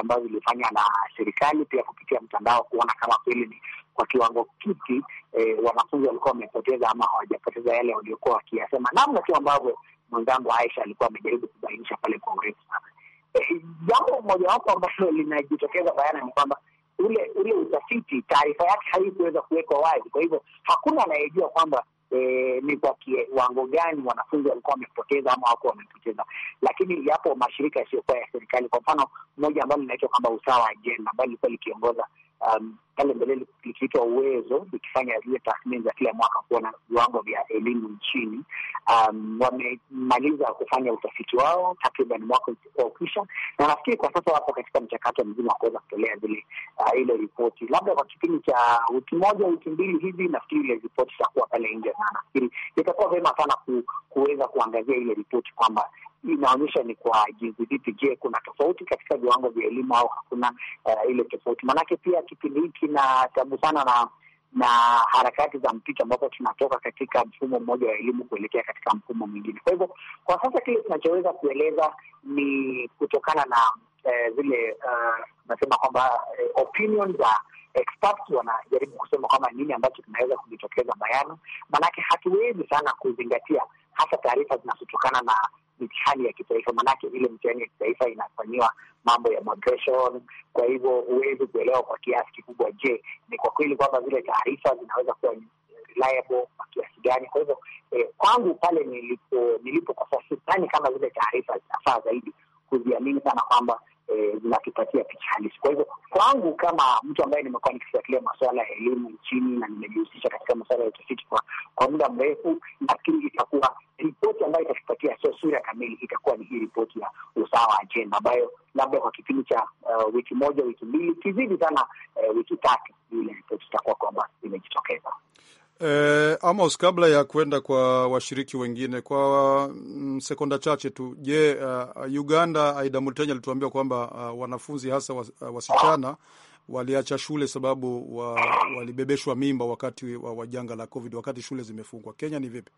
ambazo zilifanywa na serikali pia kupitia mtandao kuona kama kweli ni kwa kiwango kipi e, wanafunzi walikuwa wamepoteza ama hawajapoteza yale waliokuwa wakiyasema, namna tu ambavyo mwenzangu Aisha alikuwa amejaribu kubainisha pale kwa urefu sana. E, jambo mojawapo ambalo linajitokeza bayana ni kwamba ule ule utafiti taarifa yake haikuweza kuwekwa wazi, kwa hivyo hakuna anayejua kwamba e, ni kwa kiwango gani wanafunzi walikuwa wamepoteza ama wako wamepoteza. Lakini yapo mashirika yasiyokuwa ya serikali, kwa mfano moja ambalo linaitwa kwamba Usawa Ajenda ambalo ilikuwa likiongoza Um, pale um, mbeleni likiitwa Uwezo, likifanya zile tathmini za kila mwaka kuona viwango vya elimu nchini. Um, wamemaliza kufanya utafiti wao takriban mwaka ulikuwa ukisha, na nafikiri kwa sasa wapo katika mchakato mzima wa kuweza kutolea zile uh, ile ripoti, labda kwa kipindi cha wiki moja wiki mbili hivi, nafikiri ile ripoti itakuwa pale nje, na nafikiri itakuwa vema sana ku, kuweza kuangazia ile ripoti kwamba inaonyesha ni kwa jinsi vipi. Je, kuna tofauti katika viwango vya elimu au hakuna uh, ile tofauti? Maanake pia kipindi hiki na tabu sana na na harakati za mpito ambapo tunatoka katika mfumo mmoja wa elimu kuelekea katika mfumo mwingine. Kwa hivyo kwa sasa kile tunachoweza kueleza ni kutokana na eh, zile uh, kwamba eh, opinion za experts wanajaribu kusema kwamba nini ambacho tunaweza kujitokeza bayana, maanake hatuwezi sana kuzingatia hasa taarifa zinazotokana na mitihani ya kitaifa, maanake ile mitihani ya kitaifa inafanyiwa mambo ya moderation. Kwa hivyo huwezi kuelewa kwa kiasi kikubwa, je, ni kwa kweli kwamba zile taarifa zinaweza kuwa reliable kwa kiasi gani? Kwa hivyo eh, kwangu pale nilipo nilipo kwa sasa sidhani kama zile taarifa zinafaa zaidi kuziamini sana kwamba zinatupatia eh, picha halisi. Kwa hivyo kwangu, kama mtu ambaye nimekuwa nikifuatilia masuala ya elimu nchini na nimejihusisha katika masuala ya utafiti kwa, kwa muda mrefu, nafikiri itakuwa ripoti ambayo itatupatia sio sura kamili, itakuwa ni hii ripoti ya usawa ajenda ambayo labda kwa kipindi cha uh, wiki moja wiki mbili kizidi sana uh, wiki tatu, ile ripoti itakuwa kwamba imejitokeza. E, Amos, kabla ya kwenda kwa washiriki wengine kwa mm, sekonda chache tu, je, uh, Uganda Aida Mutenya alituambia kwamba uh, wanafunzi hasa was, uh, wasichana waliacha shule sababu wa, walibebeshwa mimba wakati wa, wa janga la COVID, wakati shule zimefungwa. Kenya ni vipi?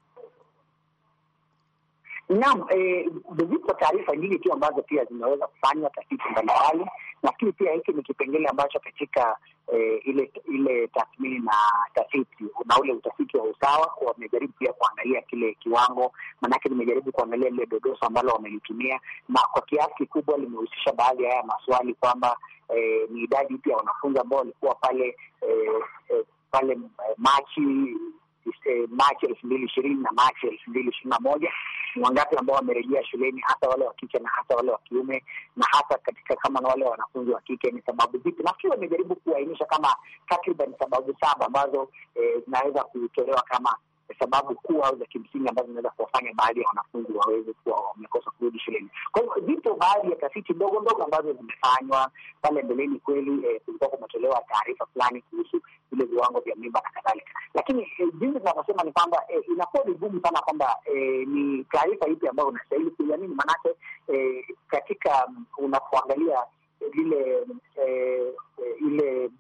Naam, eh, zipo taarifa nyingi tu ambazo pia zimeweza kufanywa tafiti mbalimbali. lakini pia hiki ni kipengele ambacho katika e, ile ile tathmini na tafiti na ule utafiti wa usawa wamejaribu pia kuangalia kile kiwango, maanake nimejaribu kuangalia lile dodoso ambalo wamelitumia, na kwa kiasi kikubwa limehusisha baadhi ya haya maswali kwamba e, ni idadi pia wanafunzi ambao walikuwa pale e, e, pale Machi Machi elfu mbili ishirini na Machi elfu mbili ishirini na moja ni wangapi ambao wamerejea shuleni, hasa wale wa kike na hasa wale wa kiume, na hasa katika kama na wale wanafunzi wa kike, ni sababu zipi? Nafikiri wamejaribu kuainisha kama takriban sababu saba ambazo eh, zinaweza e, kutolewa kama sababu kuu au za kimsingi ambazo zinaweza kuwafanya baadhi ya wanafunzi waweze kuwa wamekosa kurudi shuleni. Kwa hivyo zipo baadhi ya tafiti ndogo ndogo ambazo zimefanywa pale mbeleni. Kweli eh, kulikuwa kumetolewa taarifa fulani kuhusu vile viwango vya mimba na kadhalika. Lakini eh, jinsi tunavyosema ni kwamba eh, inakuwa vigumu sana kwamba eh, ni taarifa ipi ambayo unastahili kuiamini, maanake eh, katika mm, unapoangalia lile eh, eh, ile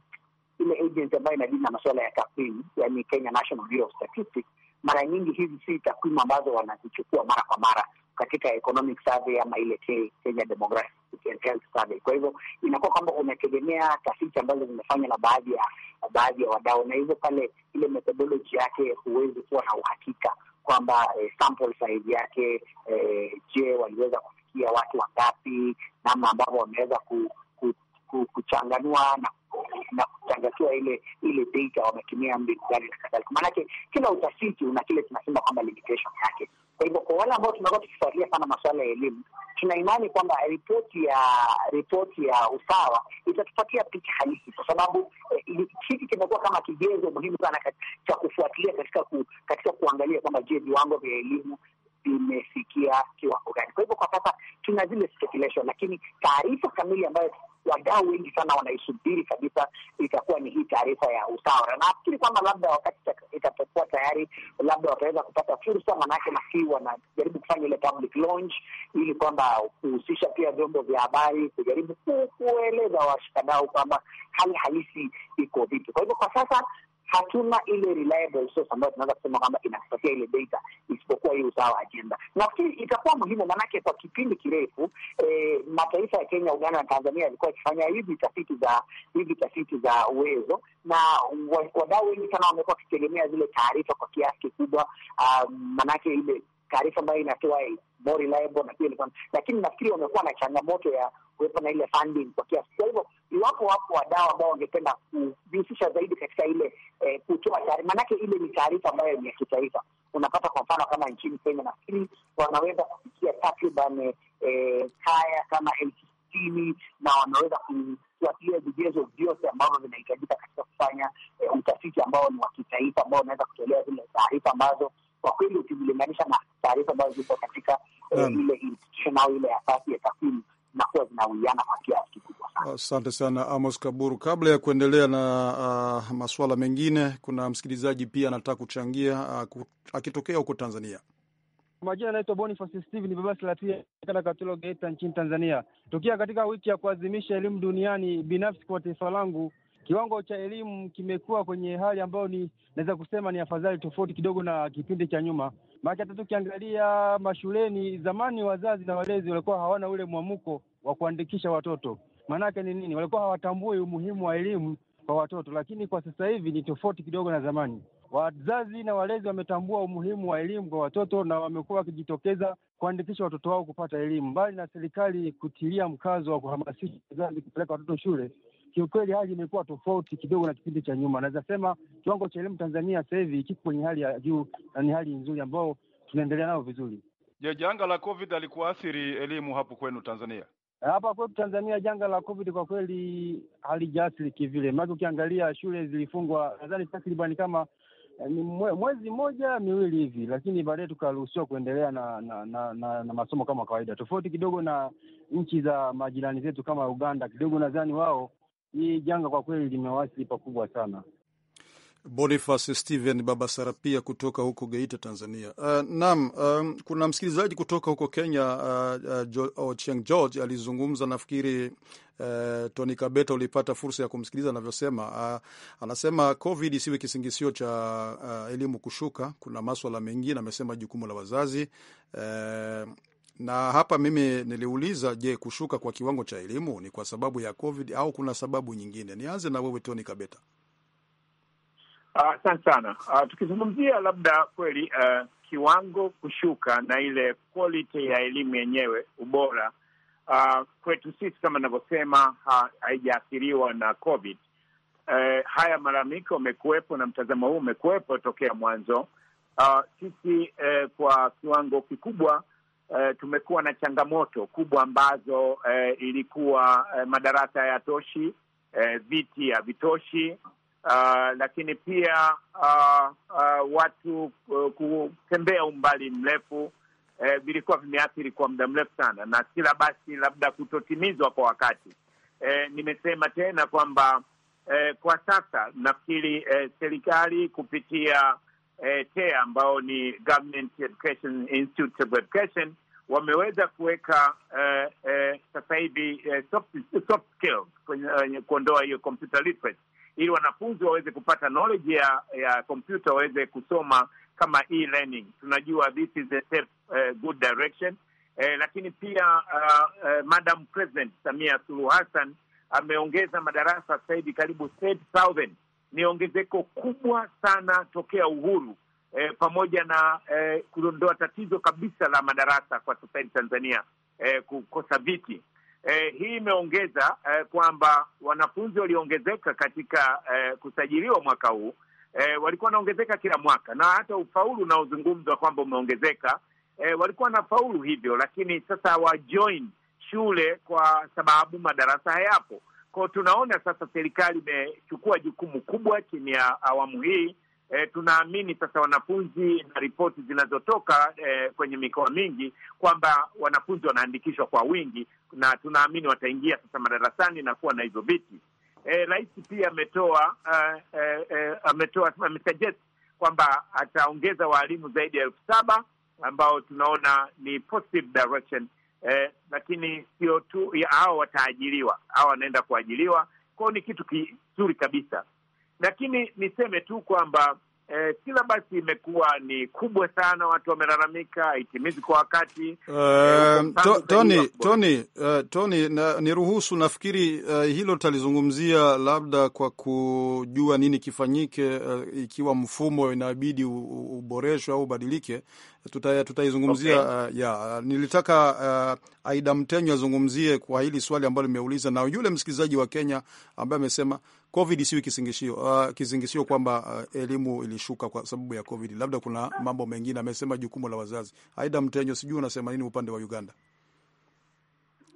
ile agency ambayo inadili na masuala ya takwimu, yani Kenya National Bureau of Statistics, mara nyingi hizi si takwimu ambazo wanazichukua mara kwa mara katika economic survey ama ile Kenya Demographic Health Survey. Kwa hivyo inakuwa kwamba unategemea tafiti ambazo zimefanywa na baadhi ya baadhi ya wadau, na hivyo pale ile methodology yake huwezi kuwa na uhakika kwamba e, sample size yake e, je, waliweza kufikia watu wangapi, namna ambavyo wameweza ku, ku, ku, kuchanganua na na kutangatua ile ile data wametumia mbinu gani na kadhalika. Maanake kila utafiti una kile tunasema kwamba limitation yake. Kwa hivyo kwa wale ambao tumekuwa tukifuatilia sana masuala ya elimu, tuna imani kwamba ripoti ya ripoti ya usawa itatupatia picha halisi, kwa sababu hiki eh, kimekuwa kama kigezo muhimu sana cha kufuatilia katika ku, katika kuangalia kwamba je, viwango vya elimu vimefikia kiwango gani. Kwa hivyo kwa sasa tuna zile speculation, lakini taarifa kamili ambayo wadau wengi sana wanaisubiri kabisa itakuwa ni hii taarifa ya usawa, na nafikiri kwamba labda wakati itapokuwa tayari, labda wataweza kupata fursa, manake nafikiri wanajaribu kufanya ile public launch, ili kwamba kuhusisha pia vyombo vya habari kujaribu kueleza washikadau kwamba hali halisi iko vipi. Kwa hivyo kwa sasa hatuna ile reliable source ambayo tunaweza kusema kwamba inatupatia ile data, isipokuwa hii usawa ajenda. Nafikiri itakuwa muhimu, maanake kwa kipindi kirefu e, mataifa ya Kenya, Uganda na Tanzania yalikuwa yakifanya hizi tafiti za hizi tafiti za uwezo, na wadau wengi sana wamekuwa wakitegemea zile taarifa kwa kiasi kikubwa, um, ah, maanake ile taarifa ambayo inatoa eh, more reliable na lakini nafikiri wamekuwa na changamoto ya kuwepo na ile funding kwa kiasi. Kwa hivyo iwapo wapo wadau ambao wangependa kujihusisha zaidi katika ile eh, kutoa taarifa, maanake ile ni taarifa ambayo ni ya kitaifa. Unapata kwa mfano kama nchini Kenya nafikiri wanaweza kufikia takriban eh, kaya eh, kama elfu sitini na wanaweza kufuatilia vigezo vyote ambavyo vinahitajika katika kufanya eh, utafiti ambao ni wa kitaifa ambao unaweza kutolea zile taarifa ambazo kwa kweli ukizilinganisha na taarifa ambazo zipo katika eh, ile institution au ile asasi ya takwimu zinakuwa zinawiana kwa kiasi kikubwa Asante sana Amos Kaburu. Kabla ya kuendelea na uh, ah, masuala mengine, kuna msikilizaji pia anataka kuchangia uh, akitokea huko Tanzania. Majina anaitwa Boniface Steve, ni baba Salatia kana Katolo Geita nchini Tanzania. Tukiwa katika wiki ya kuadhimisha elimu duniani, binafsi kwa taifa langu kiwango cha elimu kimekuwa kwenye hali ambayo ni naweza kusema ni afadhali, tofauti kidogo na kipindi cha nyuma. Maana hata tukiangalia mashuleni zamani, wazazi na walezi walikuwa hawana ule mwamko wa kuandikisha watoto. Maanake ni nini? Walikuwa hawatambui umuhimu wa elimu kwa watoto, lakini kwa sasa hivi ni tofauti kidogo na zamani. Wazazi na walezi wametambua umuhimu wa elimu kwa watoto na wamekuwa wakijitokeza kuandikisha watoto wao kupata elimu, mbali na serikali kutilia mkazo wa kuhamasisha wazazi kupeleka watoto shule kiukweli hali imekuwa tofauti kidogo na kipindi cha nyuma. Naweza sema kiwango cha elimu Tanzania sasa hivi kiko kwenye hali ya juu na ni hali nzuri ambayo tunaendelea nayo vizuri. Je, janga la COVID alikuathiri elimu hapo kwenu Tanzania? Hapa kwetu Tanzania janga la COVID kwa kweli halijaathiri kivile, maana ukiangalia shule zilifungwa nadhani takribani kama eh, ni mwezi mmoja miwili hivi, lakini baadaye tukaruhusiwa kuendelea na na, na, na na masomo kama kawaida, tofauti kidogo na nchi za majirani zetu kama Uganda. Kidogo nadhani wao hii janga kwa kweli limewasili pakubwa sana. Boniface Steven Baba Sarapia kutoka huko Geita, Tanzania. Uh, naam. Um, kuna msikilizaji kutoka huko Kenya, uh, uh, Ochieng oh, George alizungumza, nafikiri uh, Tony Kabeta ulipata fursa ya kumsikiliza anavyosema. Uh, anasema COVID isiwe kisingisio cha uh, elimu kushuka. Kuna maswala mengine amesema, jukumu la wazazi uh, na hapa mimi niliuliza, je, kushuka kwa kiwango cha elimu ni kwa sababu ya COVID au kuna sababu nyingine? Nianze na wewe Tony Kabeta. Asante uh, sana uh, tukizungumzia labda kweli uh, kiwango kushuka na ile quality ya elimu yenyewe ubora uh, kwetu sisi kama ninavyosema haijaathiriwa na COVID. Uh, haya malalamiko amekuwepo na mtazamo huu umekuwepo tokea mwanzo. Uh, sisi uh, kwa kiwango kikubwa eh, tumekuwa na changamoto kubwa ambazo eh, ilikuwa eh, madarasa hayatoshi, eh, viti havitoshi, uh, lakini pia uh, uh, watu uh, kutembea umbali mrefu eh, vilikuwa vimeathiri kwa muda mrefu sana, na kila basi labda kutotimizwa kwa wakati. Eh, nimesema tena kwamba eh, kwa sasa nafikiri eh, serikali kupitia eh, TEA ambao ni Government Education Institute of Education wameweza kuweka eh, eh, sasa hivi eh, soft, soft skills kwenye eh, kuondoa hiyo computer literacy ili wanafunzi waweze kupata knowledge ya ya kompyuta waweze kusoma kama e-learning. Tunajua this is a uh, good direction eh, lakini pia uh, uh, Madam President Samia Suluhu Hassan ameongeza madarasa sasa hivi karibu 30,000 ni ongezeko kubwa sana tokea uhuru e, pamoja na e, eh, kuondoa tatizo kabisa la madarasa kwa sasa hivi Tanzania e, kukosa viti e, hii imeongeza e, kwamba wanafunzi walioongezeka katika e, kusajiliwa mwaka huu e, walikuwa wanaongezeka kila mwaka na hata ufaulu unaozungumzwa kwamba umeongezeka e, walikuwa faulu hivyo, lakini sasa hawajoin shule kwa sababu madarasa hayapo. Kwao tunaona sasa serikali imechukua jukumu kubwa chini ya awamu hii. E, tunaamini sasa wanafunzi na ripoti zinazotoka e, kwenye mikoa mingi kwamba wanafunzi wanaandikishwa kwa wingi, na tunaamini wataingia sasa madarasani na kuwa na hizo viti. E, rais pia ametoa ametoa amesuggest kwamba ataongeza waalimu zaidi ya elfu saba ambao tunaona ni positive direction eh, lakini sio tu hao wataajiriwa, hao wanaenda kuajiriwa kwao, ni kitu kizuri kabisa, lakini niseme tu kwamba eh, kila basi imekuwa ni kubwa sana, watu wamelalamika, haitimizi kwa wakati. Uh, eh, eh to, Tony, Tony, uh, Tony na, niruhusu nafikiri uh, hilo talizungumzia labda kwa kujua nini kifanyike, uh, ikiwa mfumo inabidi uboreshwe au ubadilike, tutaizungumzia tuta uh, yeah. Nilitaka uh, Aida Mtenyo azungumzie kwa hili swali ambalo limeuliza na yule msikilizaji wa Kenya ambaye amesema COVID sio kisingishio, uh, kisingishio kwamba uh, elimu ilishuka kwa sababu ya COVID. Labda kuna mambo mengine. Amesema jukumu la wazazi. Aida Mtenyo, sijui unasema nini upande wa Uganda?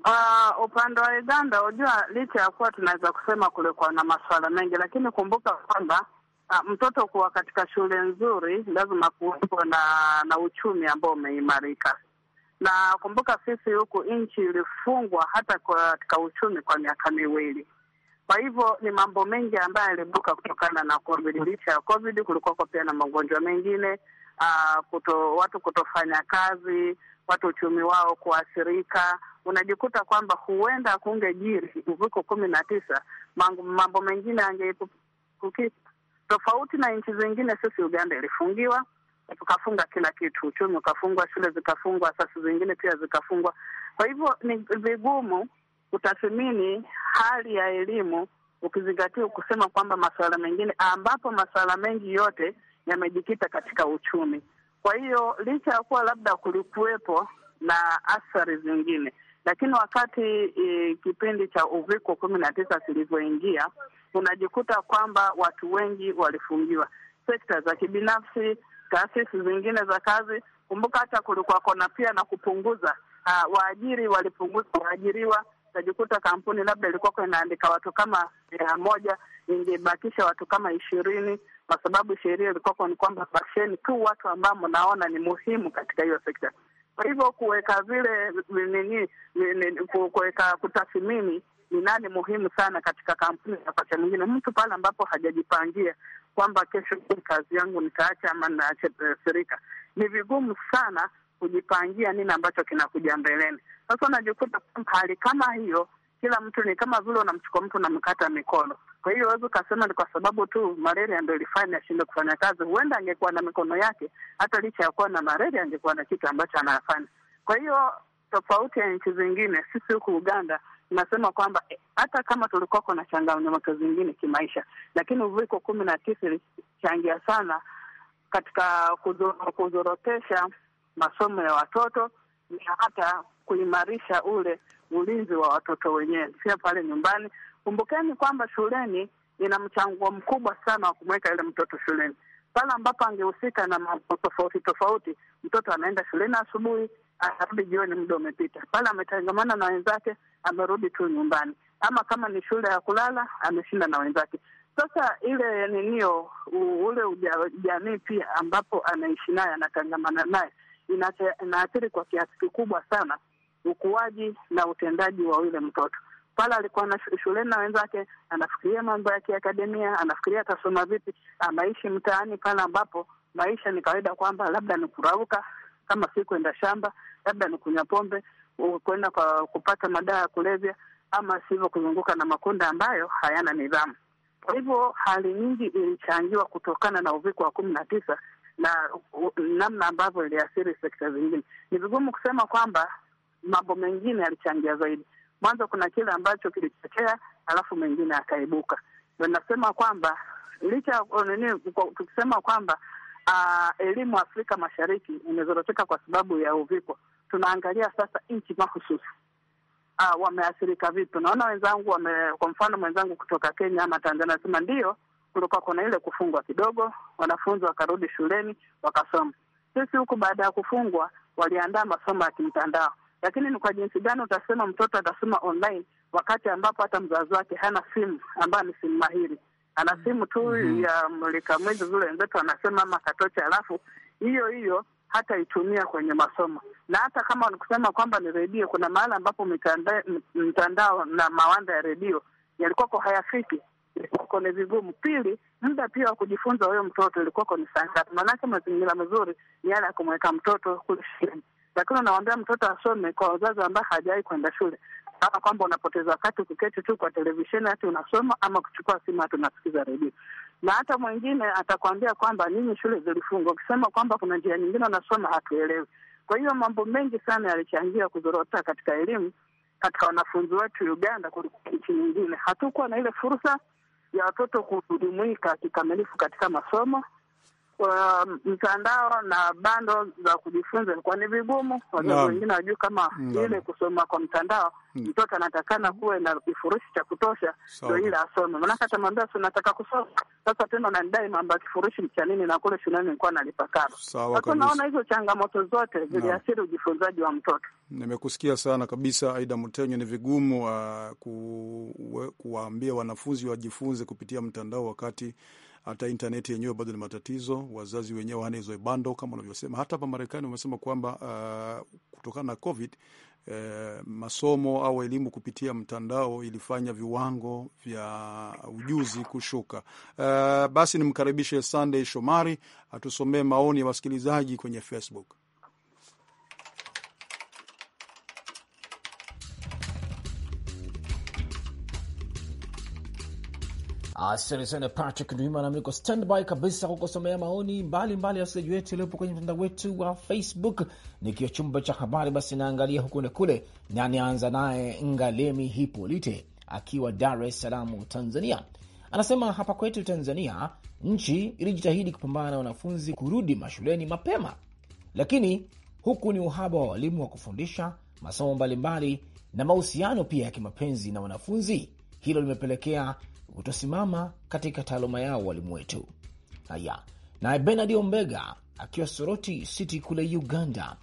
Uh, upande wa Uganda, unajua licha ya kuwa tunaweza kusema kulikuwa na masuala mengi, lakini kumbuka kwamba uh, mtoto kuwa katika shule nzuri lazima kuwepo na, na uchumi ambao umeimarika na kumbuka, sisi huku nchi ilifungwa hata katika uchumi kwa miaka miwili. Kwa hivyo ni mambo mengi ambayo yalibuka kutokana na COVID. Licha ya COVID kulikuwako pia na magonjwa mengine uh, kuto, watu kutofanya kazi, watu uchumi wao kuathirika. Unajikuta kwamba huenda kungejiri uviko kumi na tisa, mambo mengine yangeepukika. Tofauti na nchi zingine, sisi Uganda ilifungiwa tukafunga kila kitu, uchumi ukafungwa, shule zikafungwa, asasi zingine pia zikafungwa. Kwa hivyo ni vigumu kutathmini hali ya elimu, ukizingatia kusema kwamba masuala mengine, ambapo masuala mengi yote yamejikita katika uchumi. Kwa hiyo licha ya kuwa labda kulikuwepo na athari zingine, lakini wakati e, kipindi cha uviko kumi na tisa kilivyoingia unajikuta kwamba watu wengi walifungiwa, sekta za kibinafsi, taasisi zingine za kazi. Kumbuka hata kulikuwa kona pia na kupunguza, uh, waajiri walipunguza waajiriwa utajikuta kampuni labda ilikuwa inaandika watu kama mia moja ingebakisha watu kama ishirini kwa sababu sheria ilikuwa ni kwamba basheni tu watu ambao mnaona ni muhimu katika hiyo sekta. Kwa hivyo kuweka vile nini, kuweka kutathimini ni nani muhimu sana katika kampuni. Wakati mwingine mtu pale ambapo hajajipangia kwamba kesho kazi yangu nitaacha ama naathirika, eh, ni vigumu sana kujipangia nini ambacho kinakuja mbeleni. Sasa unajikuta hali kama hiyo, kila mtu ni kama vile unamchukua mtu unamkata mikono. Kwa hiyo huwezi ukasema ni kwa sababu tu malaria ndo ilifanya ashindwe kufanya kazi. Huenda angekuwa na mikono yake, hata licha ya kuwa na malaria angekuwa na kitu ambacho anafanya. Kwa hiyo tofauti ya nchi zingine, sisi huku Uganda tunasema kwamba eh, hata eh, kama tulikuwako na changamoto zingine kimaisha, lakini uviko kumi na tisa ilichangia sana katika kuzorotesha masomo ya watoto na hata kuimarisha ule ulinzi wa watoto wenyewe, sio pale nyumbani. Kumbukeni kwamba shuleni ina mchango mkubwa sana wa kumweka yule mtoto shuleni, pale ambapo angehusika na mambo tofauti tofauti. Mtoto anaenda shuleni asubuhi, anarudi jioni, muda umepita. Pale ametangamana na wenzake, amerudi tu nyumbani, ama kama ni shule ya kulala, ameshinda na wenzake. Sasa ile ninio ule ujamii pia ambapo anaishi naye, anatangamana naye, inaathiri kwa kiasi kikubwa sana ukuaji na utendaji wa yule mtoto pale alikuwa na shuleni na wenzake, anafikiria mambo ya kiakademia, anafikiria atasoma vipi, anaishi mtaani pale ambapo maisha ni kawaida, kwamba labda ni kurauka, kama si kwenda shamba, labda ni kunywa pombe, kwenda kwa kupata madawa ya kulevya, ama sivyo kuzunguka na makundi ambayo hayana nidhamu. Kwa hivyo hali nyingi ilichangiwa kutokana na uviko wa kumi na tisa na namna ambavyo iliathiri sekta zingine. Ni vigumu kusema kwamba mambo mengine yalichangia zaidi. Mwanzo kuna kile ambacho kilitokea, alafu mengine akaibuka. Ndo nasema kwamba licha nini, tukisema kwamba uh, elimu Afrika Mashariki imezoroteka kwa sababu ya UVIKO, tunaangalia sasa nchi mahususi uh, wameathirika vipi. Naona wenzangu wame, kwa mfano mwenzangu kutoka Kenya ama Tanzania anasema ndio kulikuwa kuna ile kufungwa kidogo, wanafunzi wakarudi shuleni wakasoma. Sisi huku baada ya kufungwa waliandaa masomo ya kimtandao lakini ni kwa jinsi gani utasema mtoto atasoma online wakati ambapo hata mzazi wake hana simu ambayo ni simu mahiri, ana simu tu mm -hmm. ya mlika mwizi zule wenzetu anasema ama katocha, alafu hiyo hiyo hata itumia kwenye masomo na hata kama nikusema kwamba ni redio, kuna mahala ambapo mtandao na mawanda ya redio yalikuwako hayafiki, ilikuwako ni vigumu. Pili, muda pia wa kujifunza huyo mtoto ilikuwako ni sangapi Maanake mazingira mazuri ni yale ya kumweka mtoto kule shuleni lakini unawambia mtoto asome kwa wazazi ambaye hajawai kwenda shule, kama kwamba unapoteza wakati kuketi tu kwa televisheni hati unasoma ama kuchukua simu hati unasikiza redio. Na hata mwingine atakwambia kwamba ninyi shule zilifungwa, ukisema kwamba kuna njia nyingine unasoma hatuelewi. Kwa hiyo mambo mengi sana yalichangia kuzorota katika elimu katika wanafunzi wetu Uganda kuliko nchi nyingine. Hatukuwa na ile fursa ya watoto kujumuika kikamilifu katika masomo kwa mtandao na bando za kujifunza ilikuwa ni vigumu. Wazazi wengine wajui kama ile kusoma kwa mtandao hmm. mtoto anatakana kuwe na kifurushi cha kutosha ndio ile asome, maanake atamwambia si nataka kusoma sasa, tena unanidai mambo ya kifurushi cha nini, na kule shuleni nilikuwa nalipa karo. Sasa naona hizo changamoto zote ziliathiri ujifunzaji wa mtoto. Nimekusikia sana kabisa, Aida Mutenyo. Ni vigumu uh, kuwaambia wanafunzi wajifunze kupitia mtandao wakati hata intaneti yenyewe bado ni matatizo. Wazazi wenyewe hawana hizo bando kama unavyosema. Hata hapa Marekani wamesema kwamba uh, kutokana na COVID uh, masomo au elimu kupitia mtandao ilifanya viwango vya ujuzi kushuka. Uh, basi nimkaribishe Sunday Shomari atusomee maoni ya wasikilizaji kwenye Facebook. Asante sana Patrick Ndwimana, mliko standby kabisa kukusomea maoni mbalimbali ya wasikilizaji wetu yaliyopo kwenye mtandao wetu wa Facebook. Nikiwa chumba cha habari, basi naangalia huku na kule, na nianza naye Ngalemi Hipolite akiwa Dar es Salaam, Tanzania. Anasema hapa kwetu Tanzania nchi ilijitahidi kupambana na wanafunzi kurudi mashuleni mapema, lakini huku ni uhaba wa walimu wa kufundisha masomo mbalimbali na mahusiano pia ya kimapenzi na wanafunzi hilo limepelekea kutosimama katika taaluma yao walimu wetu. Haya, naye Benard Ombega akiwa Soroti City kule Uganda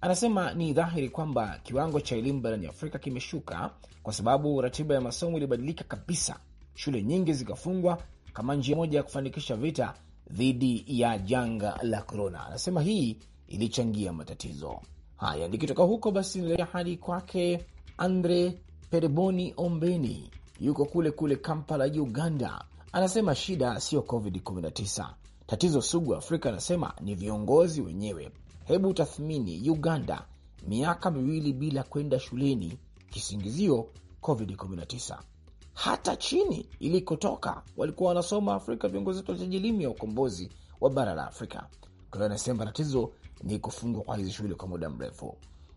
anasema ni dhahiri kwamba kiwango cha elimu barani Afrika kimeshuka kwa sababu ratiba ya masomo ilibadilika kabisa, shule nyingi zikafungwa kama njia moja ya kufanikisha vita dhidi ya janga la korona. Anasema hii ilichangia matatizo haya. Nikitoka huko basi, nilea hadi kwake Andre Pereboni Ombeni yuko kule kule Kampala, Uganda. Anasema shida siyo COVID-19, tatizo sugu Afrika anasema ni viongozi wenyewe. Hebu tathmini Uganda, miaka miwili bila kwenda shuleni, kisingizio COVID-19. Hata chini ilikotoka walikuwa wanasoma Afrika, viongozi wetu walitaji elimu ya ukombozi wa bara la Afrika. Kwa hiyo anasema tatizo ni kufungwa kwa hizi shughuli kwa muda mrefu.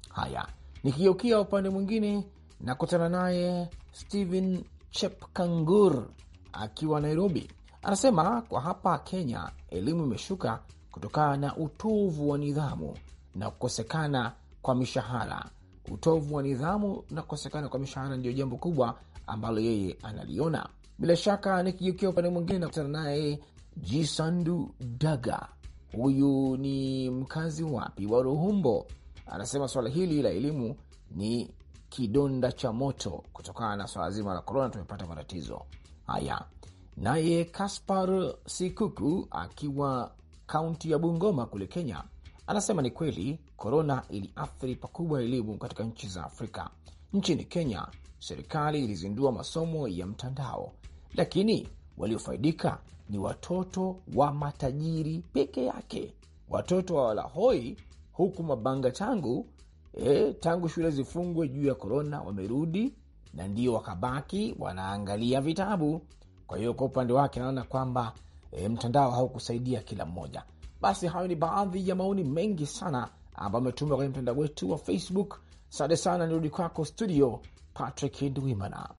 Haya, nikigeukia upande mwingine nakutana naye Steven Chepkangur akiwa Nairobi. Anasema kwa hapa Kenya elimu imeshuka kutokana na utovu wa nidhamu na kukosekana kwa mishahara. Utovu wa nidhamu na kukosekana kwa mishahara ndiyo jambo kubwa ambalo yeye analiona. Bila shaka nikigeukia upande mwingine, nakutana naye Jisandu Daga. Huyu ni mkazi wapi wa Ruhumbo. Anasema swala hili la elimu ni kidonda cha moto kutokana na swala zima la korona, tumepata matatizo haya. Naye Kaspar Sikuku akiwa kaunti ya Bungoma kule Kenya anasema ni kweli korona iliathiri pakubwa elimu katika nchi za Afrika. Nchini Kenya serikali ilizindua masomo ya mtandao, lakini waliofaidika ni watoto wa matajiri peke yake, watoto wa walahoi, huku mabanga tangu e, tangu shule zifungwe juu ya korona wamerudi na ndio wakabaki wanaangalia vitabu. Kwa hiyo kwa upande wake anaona kwamba e, mtandao haukusaidia kila mmoja. Basi hayo ni baadhi ya maoni mengi sana ambayo ametumwa kwenye mtandao wetu wa Facebook. sante sana, nirudi kwako studio, Patrick Ndwimana.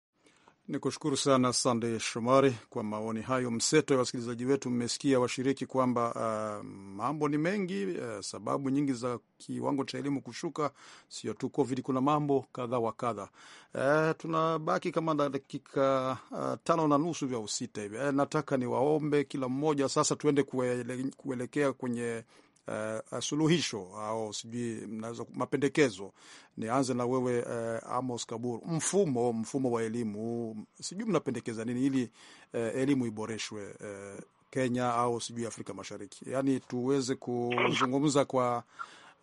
Ni kushukuru sana Sandey Shomari kwa maoni hayo mseto ya wasikilizaji wetu. Mmesikia washiriki kwamba uh, mambo ni mengi uh, sababu nyingi za kiwango cha elimu kushuka, sio tu COVID, kuna mambo kadha wa kadha. Uh, tunabaki kama na dakika uh, tano na nusu vya usita hivi. Uh, nataka niwaombe kila mmoja sasa, tuende kuele, kuelekea kwenye uh, suluhisho au sijui mnaweza mapendekezo. Nianze na wewe uh, Amos Kaburu, mfumo mfumo wa elimu, sijui mnapendekeza nini ili uh, elimu iboreshwe uh, Kenya au sijui Afrika Mashariki, yaani tuweze kuzungumza kwa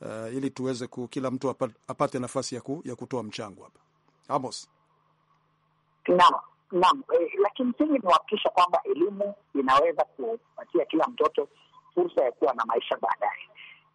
uh, ili tuweze ku, kila mtu apate nafasi ya, ku, ya kutoa mchango hapa. Amos. Naam, naam, lakini kimsingi ni kuhakikisha kwamba elimu inaweza kupatia kila mtoto fursa ya kuwa na maisha baadaye.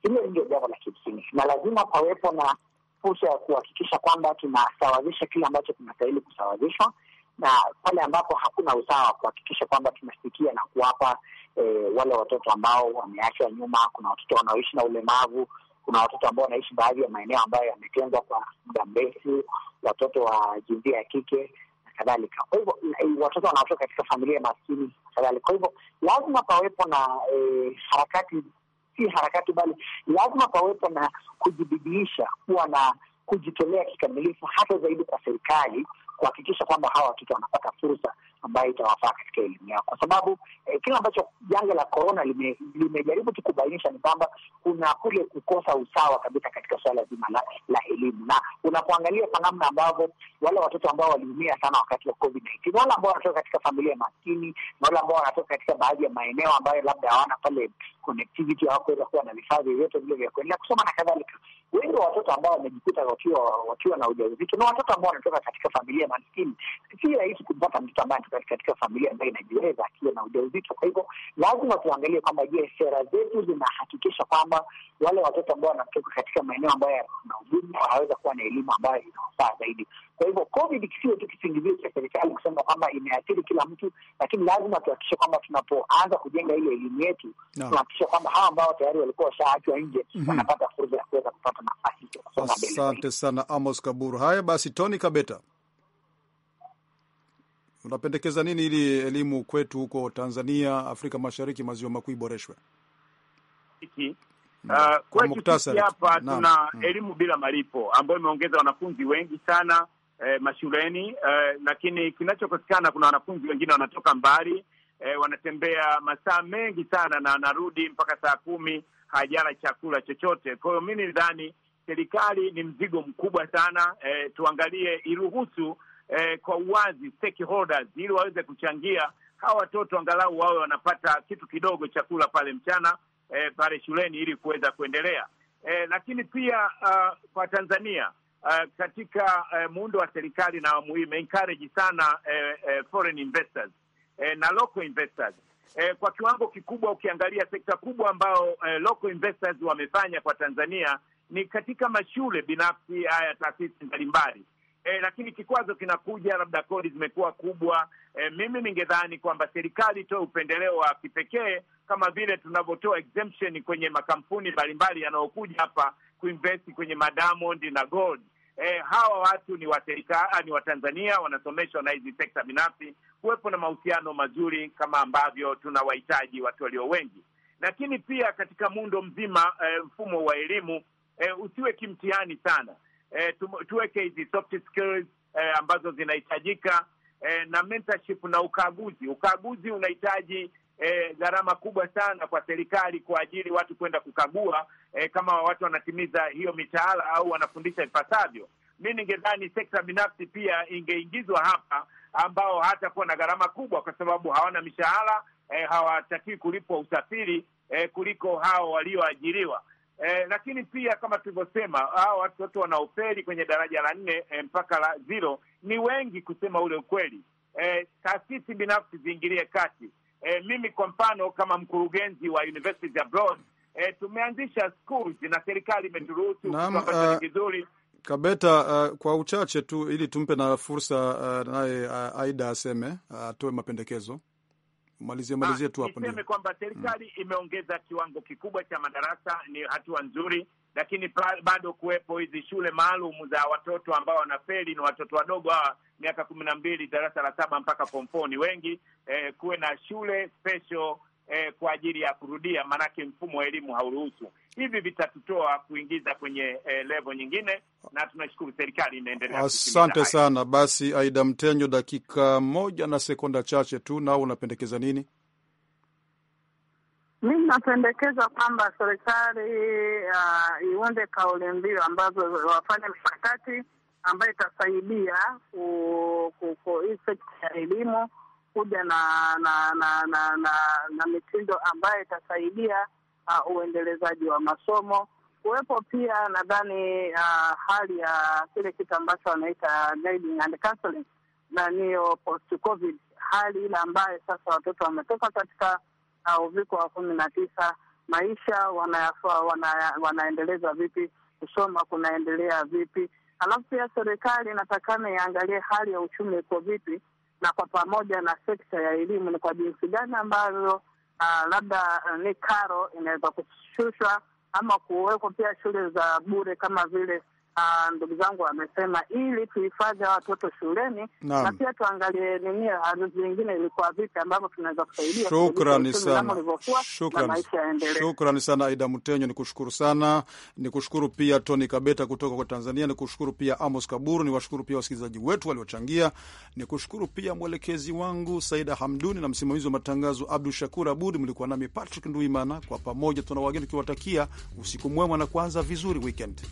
Hilo ndio jambo la kimsingi, na lazima pawepo na fursa ya kuhakikisha kwamba tunasawazisha kile ambacho kinastahili kusawazishwa, na pale ambapo hakuna usawa, kuhakikisha kwamba tunasikia na kuwapa e, wale watoto ambao wameachwa nyuma. Kuna watoto wanaoishi na ulemavu, kuna watoto ambao wanaishi baadhi ya maeneo ambayo yametengwa kwa muda mrefu, watoto wa jinsia ya kike kadhalika. Kwa hivyo eh, watoto wanaotoka katika familia maskini kadhalika. Kwa hivyo lazima pawepo na e, harakati, si harakati, bali lazima pawepo na kujibidiisha, kuwa na kujitolea kikamilifu, hata zaidi kwa serikali kuhakikisha kwamba hawa watoto wanapata fursa ambayo itawafaa katika elimu yao, kwa sababu eh, kile ambacho janga la korona limejaribu tu kubainisha ni kwamba kuna kule kukosa usawa kabisa katika suala zima la, la elimu, na unapoangalia kwa namna ambavyo wale watoto ambao waliumia sana wakati wa covid 19 wale ambao wanatoka katika familia maskini na wale ambao wanatoka katika baadhi ya maeneo ambayo labda hawana pale connectivity, hawakuweza kuwa na vifaa vyovyote vile vya kuendelea kusoma na kadhalika. Wengi wa watoto ambao wamejikuta wakiwa wakiwa na ujauzito na watoto ambao wanatoka katika familia maskini, si rahisi kumpata mtoto ambaye katika familia ambayo inajiweza akiwa na ujauzito. Kwa hivyo lazima tuangalie kwamba, je, sera zetu zinahakikisha kwamba wale watoto ambao wanatoka katika maeneo ambayo yana ugumu wanaweza kuwa na elimu ambayo inawafaa zaidi. Kwa hivyo COVID kisiwe tu kisingizio cha serikali kusema kwamba imeathiri kila mtu, lakini lazima tuhakikishe kwamba tunapoanza kujenga ile elimu yetu no. tunahakikisha kwamba hawa ambao tayari walikuwa washaachwa nje mm -hmm. wanapata fursa ya kuweza kupata nafasi. Asante sana Amos Kaburu. Haya basi, Tony Kabeta unapendekeza nini ili elimu kwetu huko Tanzania, Afrika Mashariki, maziwa makuu iboreshwe? Mm. Uh, kwetu sisi hapa tuna mm. elimu bila malipo ambayo imeongeza wanafunzi wengi sana eh, mashuleni eh, lakini kinachokosekana, kuna wanafunzi wengine wanatoka mbali eh, wanatembea masaa mengi sana na anarudi mpaka saa kumi hajala chakula chochote. Kwa hiyo mi nidhani serikali ni mzigo mkubwa sana eh, tuangalie iruhusu eh, kwa uwazi stakeholders, ili waweze kuchangia hawa watoto angalau wawe wanapata kitu kidogo chakula pale mchana eh, pale shuleni ili kuweza kuendelea eh, lakini pia uh, kwa Tanzania uh, katika uh, muundo wa serikali na awamu hii imeencourage sana eh, eh, foreign investors eh, na local investors eh, kwa kiwango kikubwa. Ukiangalia sekta kubwa ambao eh, local investors wamefanya kwa Tanzania ni katika mashule binafsi haya taasisi mbalimbali e, lakini kikwazo kinakuja, labda kodi zimekuwa kubwa. E, mimi ningedhani kwamba serikali itoe upendeleo wa kipekee kama vile tunavyotoa exemption kwenye makampuni mbalimbali yanayokuja hapa kuinvest kwenye madiamond na gold. E, hawa watu ni waserikali, ni Watanzania, wanasomeshwa na hizi sekta binafsi, kuwepo na mahusiano mazuri kama ambavyo tunawahitaji watu walio wengi, lakini pia katika muundo mzima e, mfumo wa elimu e, usiwe kimtihani sana eh, tuweke hizi soft skills eh, ambazo zinahitajika eh, na mentorship na ukaguzi. Ukaguzi unahitaji E, gharama kubwa sana kwa serikali ajili watu kwenda kukagua eh, kama watu wanatimiza hiyo mitaala au wanafundisha ipasavyo. Mi ningedhani sekta binafsi pia ingeingizwa hapa, ambao hatakuwa na gharama kubwa, kwa sababu hawana mishahara eh, hawatakiwi kulipwa usafiri eh, kuliko hao walioajiriwa eh, lakini pia kama tulivyosema, hao watoto wanaoferi kwenye daraja la nne eh, mpaka la zero ni wengi, kusema ule ukweli. Eh, taasisi binafsi ziingilie kati. Eh, mimi kwa mfano kama mkurugenzi wa Abroad eh, tumeanzisha schools na serikali imeturuhusu ambacho eh, Kabeta, uh, kwa uchache tu ili tumpe na fursa uh, naye uh, Aida aseme atoe uh, mapendekezo malizia ah, malizia tu hapo, niseme kwamba mm. serikali mm. imeongeza kiwango kikubwa cha madarasa, ni hatua nzuri, lakini bado kuwepo hizi shule maalum za watoto ambao wanafeli, ni watoto wadogo hawa miaka kumi na mbili darasa la saba mpaka pomfoni wengi. Eh, kuwe na shule special eh, kwa ajili ya kurudia, maanake mfumo wa elimu hauruhusu. Hivi vitatutoa kuingiza kwenye eh, levo nyingine, na tunashukuru serikali inaendelea. Asante sana. Basi Aida Mtenyo, dakika moja na sekonda chache tu, nao unapendekeza nini? Mi napendekeza kwamba serikali uh, iunde kauli mbiu ambazo wafanye mkakati ambayo itasaidia ku, ku, ku, sekta ya elimu kuja na na na na, na, na mitindo ambayo itasaidia uh, uendelezaji wa masomo kuwepo pia nadhani uh, hali ya kile kitu ambacho wanaita guiding and counseling, na niyo post covid, hali ile ambayo sasa watoto wametoka katika uh, uviko wa kumi na tisa, maisha wanayafua, wana, wanaendeleza vipi, kusoma kunaendelea vipi, alafu pia serikali inatakana iangalie hali ya uchumi iko vipi na kwa pamoja na sekta ya elimu, ni kwa jinsi gani ambavyo uh, labda uh, ni karo inaweza kushushwa ama kuwekwa pia shule za bure kama vile uh, ndugu zangu wamesema, ili tuhifadhi hawa watoto shuleni na, pia tuangalie nini haruzi nyingine ilikuwa vipi ambavyo tunaweza kusaidia. Shukrani sana, shukrani sana Aida Mtenyo, ni kushukuru sana, ni kushukuru pia Tony Kabeta kutoka kwa Tanzania, ni kushukuru pia Amos Kaburu, ni washukuru pia wasikilizaji wetu waliochangia, ni kushukuru pia mwelekezi wangu Saida Hamduni na msimamizi wa matangazo Abdu Shakur Abud. Mlikuwa nami Patrick Nduimana, kwa pamoja tuna wageni tukiwatakia usiku mwema na kuanza vizuri weekend.